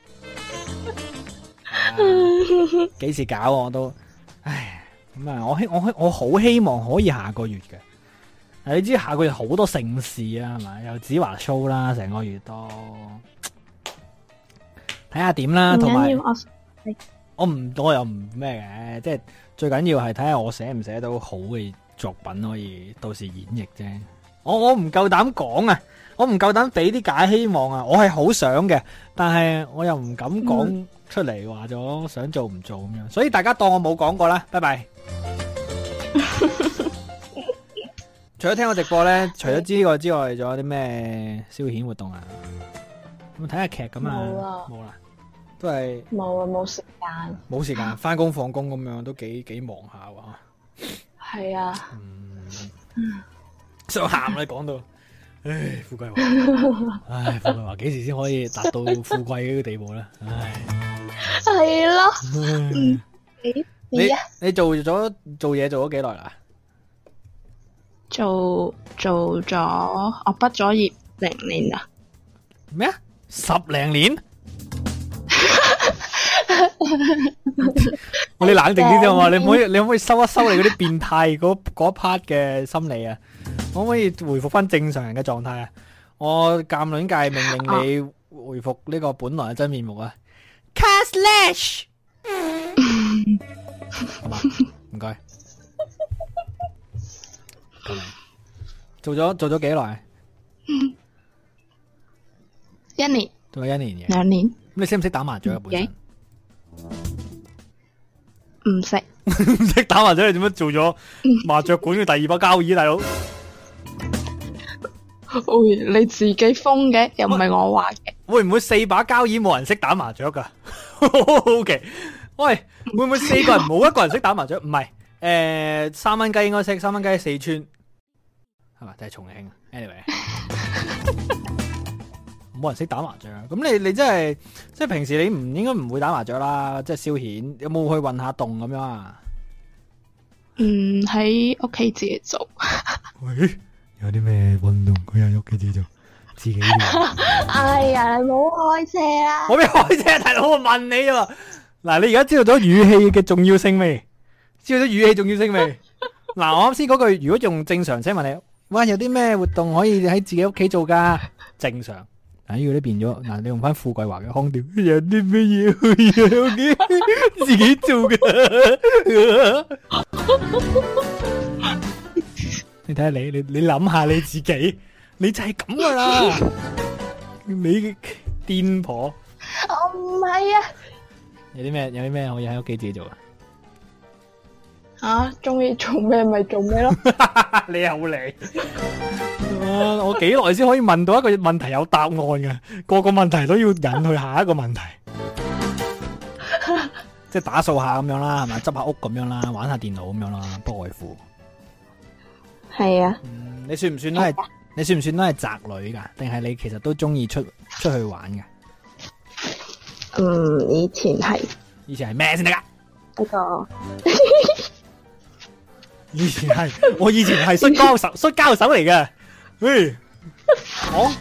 幾、 啊、時搞、啊、我都，唉，咁啊，我希我我好希望可以下個月嘅，你知道下個月好多盛事啊，係咪？又子華 show 啦，成個月都。睇下點啦，同埋。還有我唔，我又唔咩嘅，即係最緊要係睇下我寫唔寫到好嘅作品可以到時演繹啫。我我唔夠膽講啊，我唔夠膽俾啲假希望啊。我係好想嘅，但係我又唔敢講出嚟話咗想做唔做咁樣。嗯、所以大家當我冇講過啦，拜拜 除。除咗聽我直播咧，除咗知呢個之外，仲有啲咩消遣活動啊？咁睇下劇咁啊，冇啦冇啦？都係冇啊，冇時間。冇時間，翻工放工咁樣，都幾幾忙下喎。係啊。嗯。想喊你，講到，唉，富貴話，唉，富貴話，幾時先可以達到富貴呢個地步咧？唉。係咯。你你做咗做嘢做咗幾耐啦？做做咗，我畢咗業零年啊。咩啊？十零年。我 你冷靜啲啫嘛， 你可唔可以你可唔可以收一收你嗰啲變態嗰 part 嘅心理啊？我可唔可以回復翻正常人嘅狀態啊？我鑑卵界命令你回復呢個本來嘅真面目啊 cash、啊、 好嘛？唔該。做咗做咗幾耐？一年。仲有一年嘅。兩年。咁你識唔識打麻雀啊？本、okay. 唔識唔識打麻雀，你點樣做咗麻雀館嘅第二把交椅，大佬？ 你自己封嘅，又唔係我話嘅。會唔會四把交椅冇人識打麻雀噶，好奇， OK. 喂，會唔會四個人冇 一個人識打麻雀？唔係，誒、呃，三蚊雞應該識，三蚊雞喺四川係嘛，定、啊、係、就是、重慶啊？Anyway。 冇人識打麻雀，咁你你真係，即係平時你唔應該唔會打麻雀啦，即係消遣。有冇去運下動咁樣啊？嗯，喺屋企自己做。喂，有啲咩運動可以喺屋企自己做？自己做。哎呀，你開車啊！我咩開車啊？大佬，我問你啊！嗱，你而家知道咗語氣嘅重要性未？知道咗語氣重要性未？嗱，我啱先嗰句，如果用正常聲問你，哇，有啲咩活動可以喺自己屋企做噶？正常。哎，要都變咗，嗱，你用翻富貴華嘅腔調，有啲咩嘢可以喺屋企自己做嘅？你睇下你，你你諗下你自己，你就係咁噶啦，你嘅癲婆。我唔係啊。有啲咩？有啲咩可以喺屋企自己做啊？啊，中意做咩咪做咩咯，你又嚟？我我幾耐先可以問到一個問題有答案嘅？個個問題都要引去下一個問題，即係打掃下咁樣啦，係咪？執下屋咁樣啦，玩下電腦咁樣啦，不外乎。係啊。你算唔算都係？你算唔算都係宅女噶？定係你其實都中意出出去玩嘅？嗯，以前係。以前係咩先得噶？一個。以前係，我以前係摔跤手， 摔跤手嚟嘅。咦、哎，好、哦、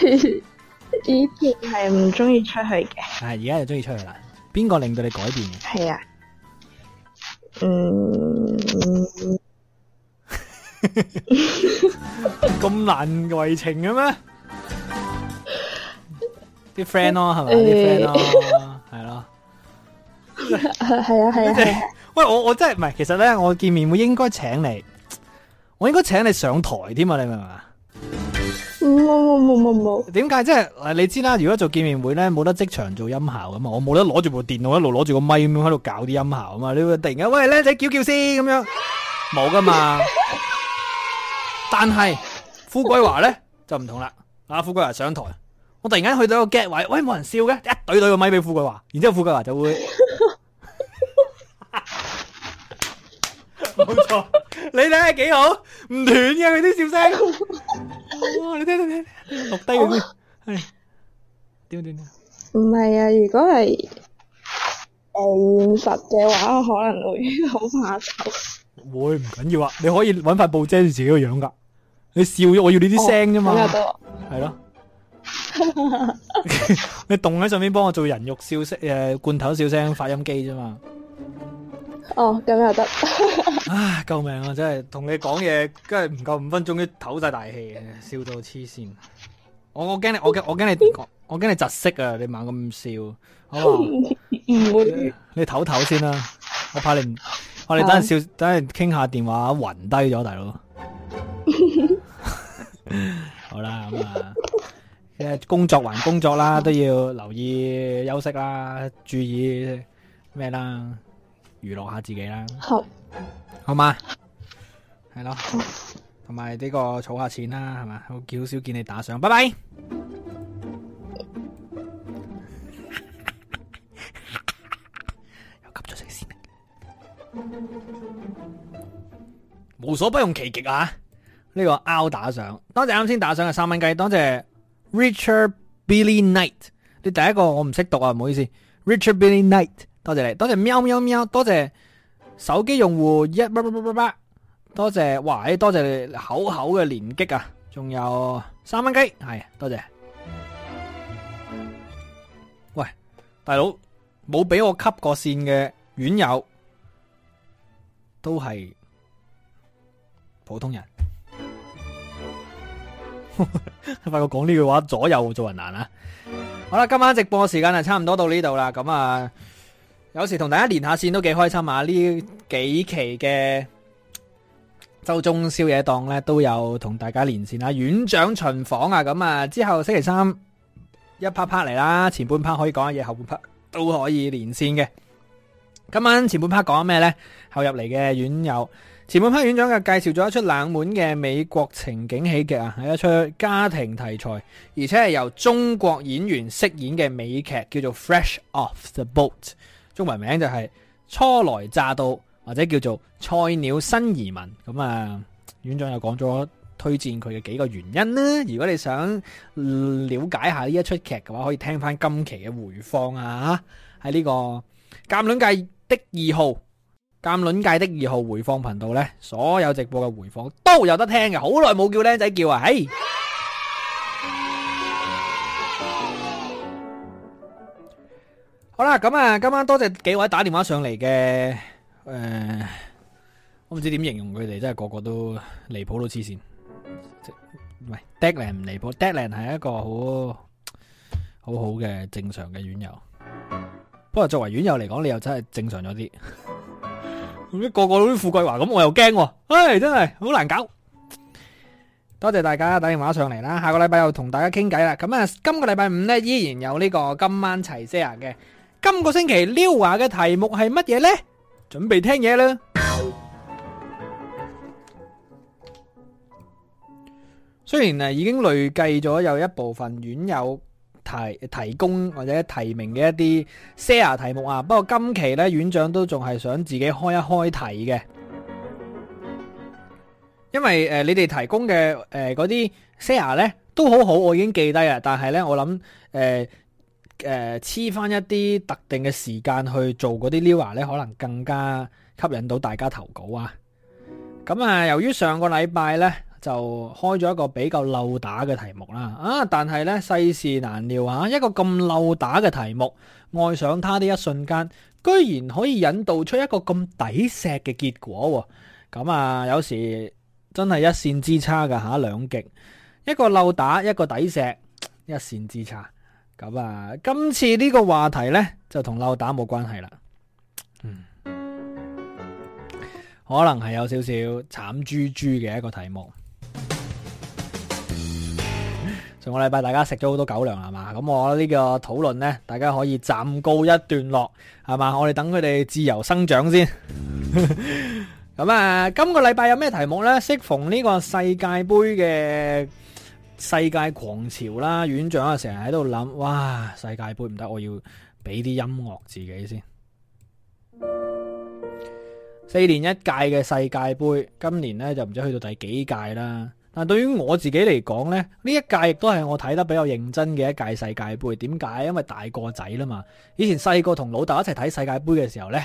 以前係唔中意出去嘅。係，而家就中意出去啦。邊個令到你改變嘅？係啊。嗯。咁 難為情嘅咩？啲 friend 咯，係咪？啲 friend 咯，係咯、啊。係 啊，係啊。是啊是啊，喂，我我真係唔係，其實咧，我見面會應該請你，我應該請你上台添啊！你明唔明啊？冇冇冇冇冇。點解？即係你知啦，如果做見面會咧，冇得即場做音效噶嘛，我冇得攞住部電腦一路攞住個咪咁樣喺度搞啲音效啊嘛。你會突然間喂，靚仔叫叫先咁樣，冇噶嘛。 但係富貴華咧就唔同啦，啊，富貴華上台，我突然間去到個 get 位，喂，冇人笑嘅，一懟懟個咪俾富貴華，然之後富貴華就會。冇錯，你睇下幾好，唔斷嘅佢啲笑聲。哇，你聽聽聽，錄低佢。係點啊點啊？唔係啊，如果係誒現實嘅話，我可能會好怕醜。會唔緊要啊？你可以揾塊布遮住自己個樣噶。你笑咗，我要呢啲聲啫嘛。係咯。你動喺上面幫我做人肉笑聲誒罐頭笑聲發音機啫嘛。哦，咁又得！啊， 救命啊！真係同你講嘢，真係唔夠五分鐘，要唞晒大氣，笑到黐綫！我我驚你，我驚我驚你，我驚你窒息啊！你猛咁笑，好唔會？你唞唞先啦，我怕你，我哋等陣笑，等陣傾下電話，暈低咗大佬。 好啦，咁啊，其實工作還工作啦，都要留意休息啦，注意咩啦？娛樂下自己啦，好，好嘛，係咯，同埋呢個儲下錢啦，係嘛，好少見你打賞，拜拜。又急咗食屎，無所不用其極啊！呢個 out 打賞，多謝啱先打賞嘅三蚊雞，多謝 Richard Billy Knight。呢第一個我唔識讀啊，唔好意思，Richard Billy Knight。多謝你，多謝喵喵喵，多謝手機用戶一八八八八，多謝，哇！多謝你口口嘅連擊啊，仲有三蚊雞，係多謝。喂，大佬，冇俾我吸過線嘅院友，都係普通人。發覺講呢句話，左右做人難啊！好啦，今晚直播時間就差唔多到呢度啦，咁啊～有時同大家連下線都幾開心啊！呢幾期嘅周中宵夜檔呢都有同大家連線啊。院長巡房啊，咁啊之後星期三一 part part 嚟啦。前半 part 可以講下嘢，後半 part 都可以連線嘅。今晚前半 part 講咩呢？後入嚟嘅院友前半 part 院長就介紹咗一出冷門嘅美國情景喜劇啊，係一出家庭題材，而且係由中國演員飾演嘅美劇，叫做《Fresh Off the Boat》。中文名就係初來乍到，或者叫做菜鳥新移民。咁啊，院長又講咗推薦佢嘅幾個原因啦。如果你想了解下呢一出劇嘅話，可以聽翻今期嘅回放啊！喺呢個鑑卵界的二號鑑卵界的二號回放頻道呢，所有直播嘅回放都有得聽嘅。好耐冇叫靚仔叫啊！嘿。好啦，咁啊，今晚多謝幾位打電話上嚟嘅，誒、呃，我唔知點形容佢哋，真係個個都離譜到黐線，唔係 Deadland 唔離譜，Deadland 係一個好好好嘅正常嘅院友。不過、嗯、作為院友嚟講，你又真係正常咗啲，咁一個個都富貴華，咁我又驚，唉、哎，真係好難搞。多謝大家打電話上嚟啦，下個禮拜又同大家傾偈啦，咁啊，今個禮拜五呢，依然有呢個今晚齊 share 嘅。今個星期留話嘅題目係乜嘢咧？準備聽嘢啦。雖然誒已經累計咗有一部分院友提提供或者提名嘅一啲 share 題目啊，不過今期咧院長都仲係想自己開一開題嘅，因為誒你哋提供嘅誒嗰啲 share 咧都好好，我已經記低喇。但係咧我諗誒。誒，黐翻，呃、一啲特定嘅時間去做嗰啲料呀，呢咧可能更加吸引到大家投稿啊。咁啊，由於上個禮拜呢，就開咗一個比較漏打嘅題目啦，啊，但係呢，世事難料啊，一個咁漏打嘅題目，愛上他的一瞬間，居然可以引導出一個咁抵錫嘅結果喎，啊。咁啊，有時真係一線之差噶吓，兩極，一個漏打，一個抵錫，一線之差。咁啊，今次呢個話題呢，就同毆打冇關係啦，嗯，可能係有少少慘豬豬嘅一個題目。嗯、上個禮拜大家食咗好多狗糧係嘛，咁我呢個討論呢，大家可以暫告一段落係嘛，我哋等佢哋自由生長先。咁 啊，今個禮拜有咩題目呢？適逢呢個世界盃嘅。世界狂潮啦，院長啊，成日喺度諗，哇！世界杯唔得，我要俾啲音樂自己先。四年一屆嘅世界杯，今年呢就唔知去到第幾屆啦。但係對於我自己嚟講呢，呢一屆亦都係我睇得比較認真嘅一屆世界杯。點解？因為大個仔啦嘛，以前細個同老豆一齊睇世界杯嘅時候呢，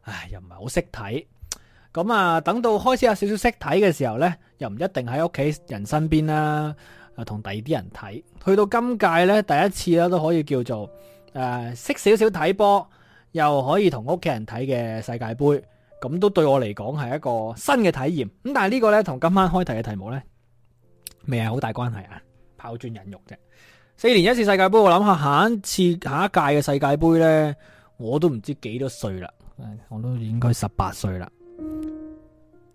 唉，又唔係好識睇。咁啊，等到開始有少少識睇嘅時候呢，又唔一定喺屋企人身邊啦。同第二啲人睇，去到今屆呢，第一次都可以叫做，誒、呃，識少少睇波，又可以同屋企人睇嘅世界杯，咁都對我嚟講係一個新嘅體驗。咁但係呢個呢，同今晚開題嘅題目呢，未係好大關係啊，拋磚引玉啫。四年一次世界杯，我諗下下一次下一屆嘅世界杯呢，我都唔知幾多歲啦，我都應該十八歲啦。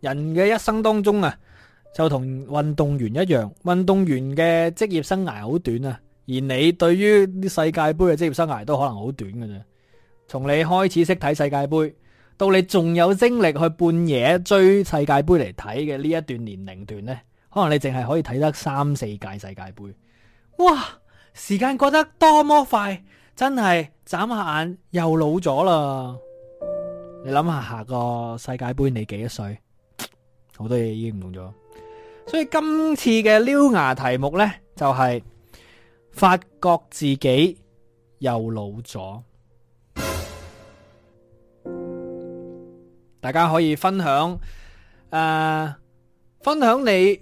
人嘅一生當中啊～就同運動員一樣，運動員嘅職業生涯好短啊，而你對於啲世界杯嘅職業生涯都可能好短嘅啫。從你開始識睇世界杯，到你仲有精力去半夜追世界杯嚟睇嘅呢一段年齡段呢，可能你淨係可以睇得三四屆世界杯。哇，時間過得多麼快，真係眨下眼又老咗啦。你諗下下個世界杯你幾多歲？好多嘢已經唔同咗。所以今次嘅撩牙題目呢，就係發覺自己又老咗。大家可以分享誒，分享你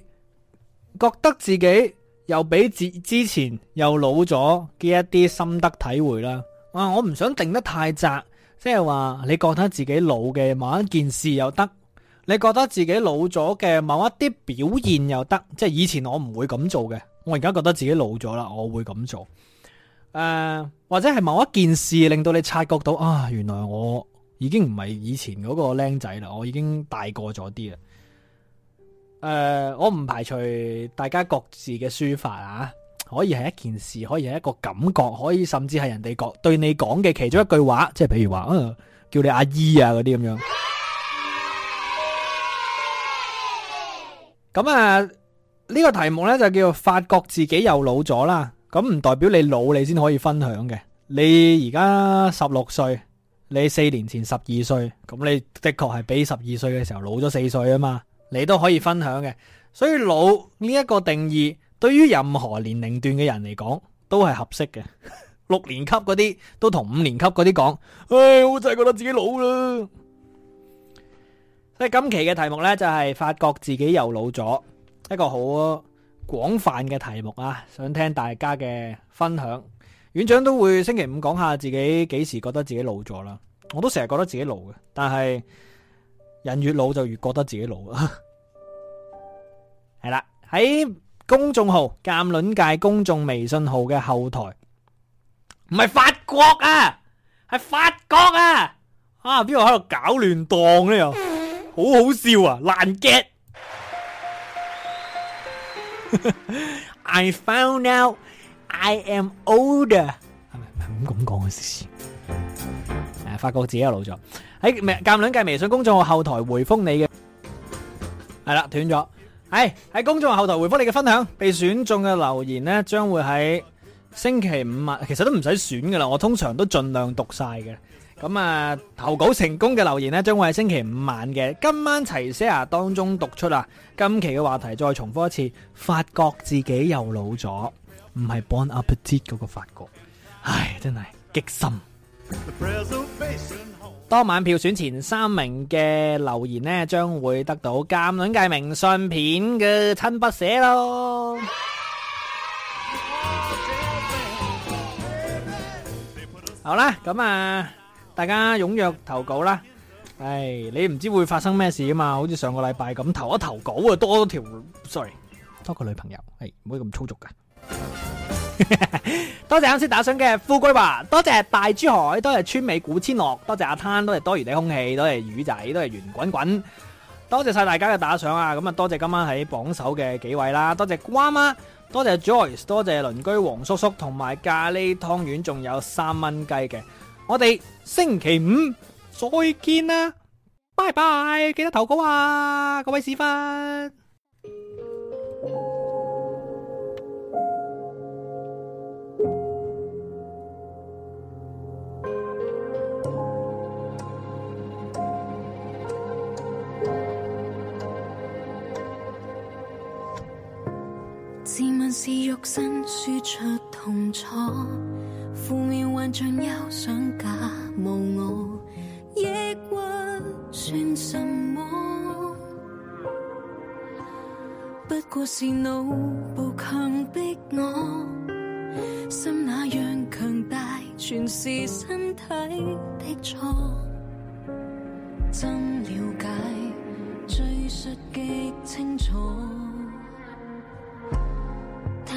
覺得自己又比之之前又老咗嘅一啲心得體會啦。啊，我唔想定得太窄，即係話你覺得自己老嘅某一件事又得。你覺得自己老咗嘅某一啲表現又得，即係以前我唔會咁做嘅，我而家覺得自己老咗啦，我會咁做。誒、呃，或者係某一件事令到你察覺到啊，原來我已經唔係以前嗰個僆仔啦，我已經大個咗啲啦。誒、呃，我唔排除大家各自嘅抒發啊，可以係一件事，可以係一個感覺，可以甚至係人哋講對你講嘅其中一句話，即係譬如話、啊，叫你阿姨啊嗰啲咁樣。咁啊，呢、這個題目呢就叫發覺自己又老咗啦。咁唔代表你老，你先可以分享嘅。你而家十六歲，你四年前十二歲，咁你的確係比十二歲嘅時候老咗四歲啊嘛。你都可以分享嘅。所以老呢一個定義，對於任何年齡段嘅人嚟講，都係合適嘅。六 年級嗰啲都同五年級嗰啲講，唉、哎，我真係覺得自己老啦。即係今期嘅題目呢，就係發覺自己又老咗，一個好廣泛嘅題目啊！想聽大家嘅分享。院長都會星期五講下自己幾時覺得自己老咗啦。我都成日覺得自己老嘅，但係人越老就越覺得自己老啊。係 啦，喺公眾號《鑒論界》公眾微信號嘅後台，唔係法國啊，係法國啊，啊邊個喺度搞亂檔呢？又、嗯？好好笑啊！爛 get。I found out I am older。係咪咁講嘅事？誒，發覺自己又老咗。喺唔係夾撚計微信公眾號後台回覆你嘅，係啦斷咗。喺喺公眾號後台回覆你嘅分享，被選中嘅留言呢，將會喺。星期五晚，其實都唔使選㗎喇，我通常都盡量讀曬嘅。咁啊，投稿成功嘅留言咧，將會喺星期五晚嘅今晚齊 Sir 當中讀出喇。今期嘅話題再重複一次，發覺自己又老咗，唔係 Born Again 嗰個發覺，唉，真係激心。當晚票選前三名嘅留言咧，將會得到《監戀界明信片》嘅親筆寫咯。好啦，咁啊，大家踊躍投稿啦！唉，你唔知會發生咩事啊嘛，好似上個禮拜咁投一投稿啊，多條，sorry，多個女朋友，係唔可以咁粗俗噶。多謝啱先打賞嘅富貴華，多謝大珠海，多謝村美古千樂，多謝阿灘，多謝多餘地空氣，多謝魚仔，多謝圓滾滾，多謝晒大家嘅打賞啊！咁啊，多謝今晚喺榜首嘅幾位啦，多謝瓜媽。多謝 Joyce，多謝鄰居黃叔叔同埋咖喱湯圓，仲有三蚊雞嘅。我哋星期五再見啦，拜拜，記得投稿啊，各位師傅。是肉身輸出痛楚，負面幻象又想假模我，抑鬱算什麼？不過是腦部強迫我，心那樣強大，全是身體的錯。真了解，追述極清楚。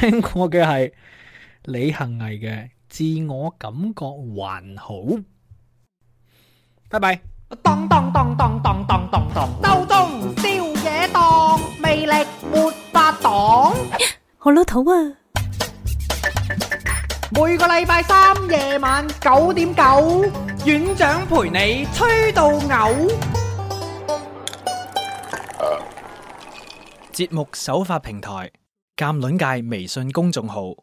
聽過嘅係李行毅嘅自我感覺還好。拜拜。當當當當當當當，當中宵夜檔，魅力沒法擋。我老土啊！每個禮拜三夜晚九點九，院長陪你吹到嘔。啊！節目首發平台。鑒卵界微信公眾號。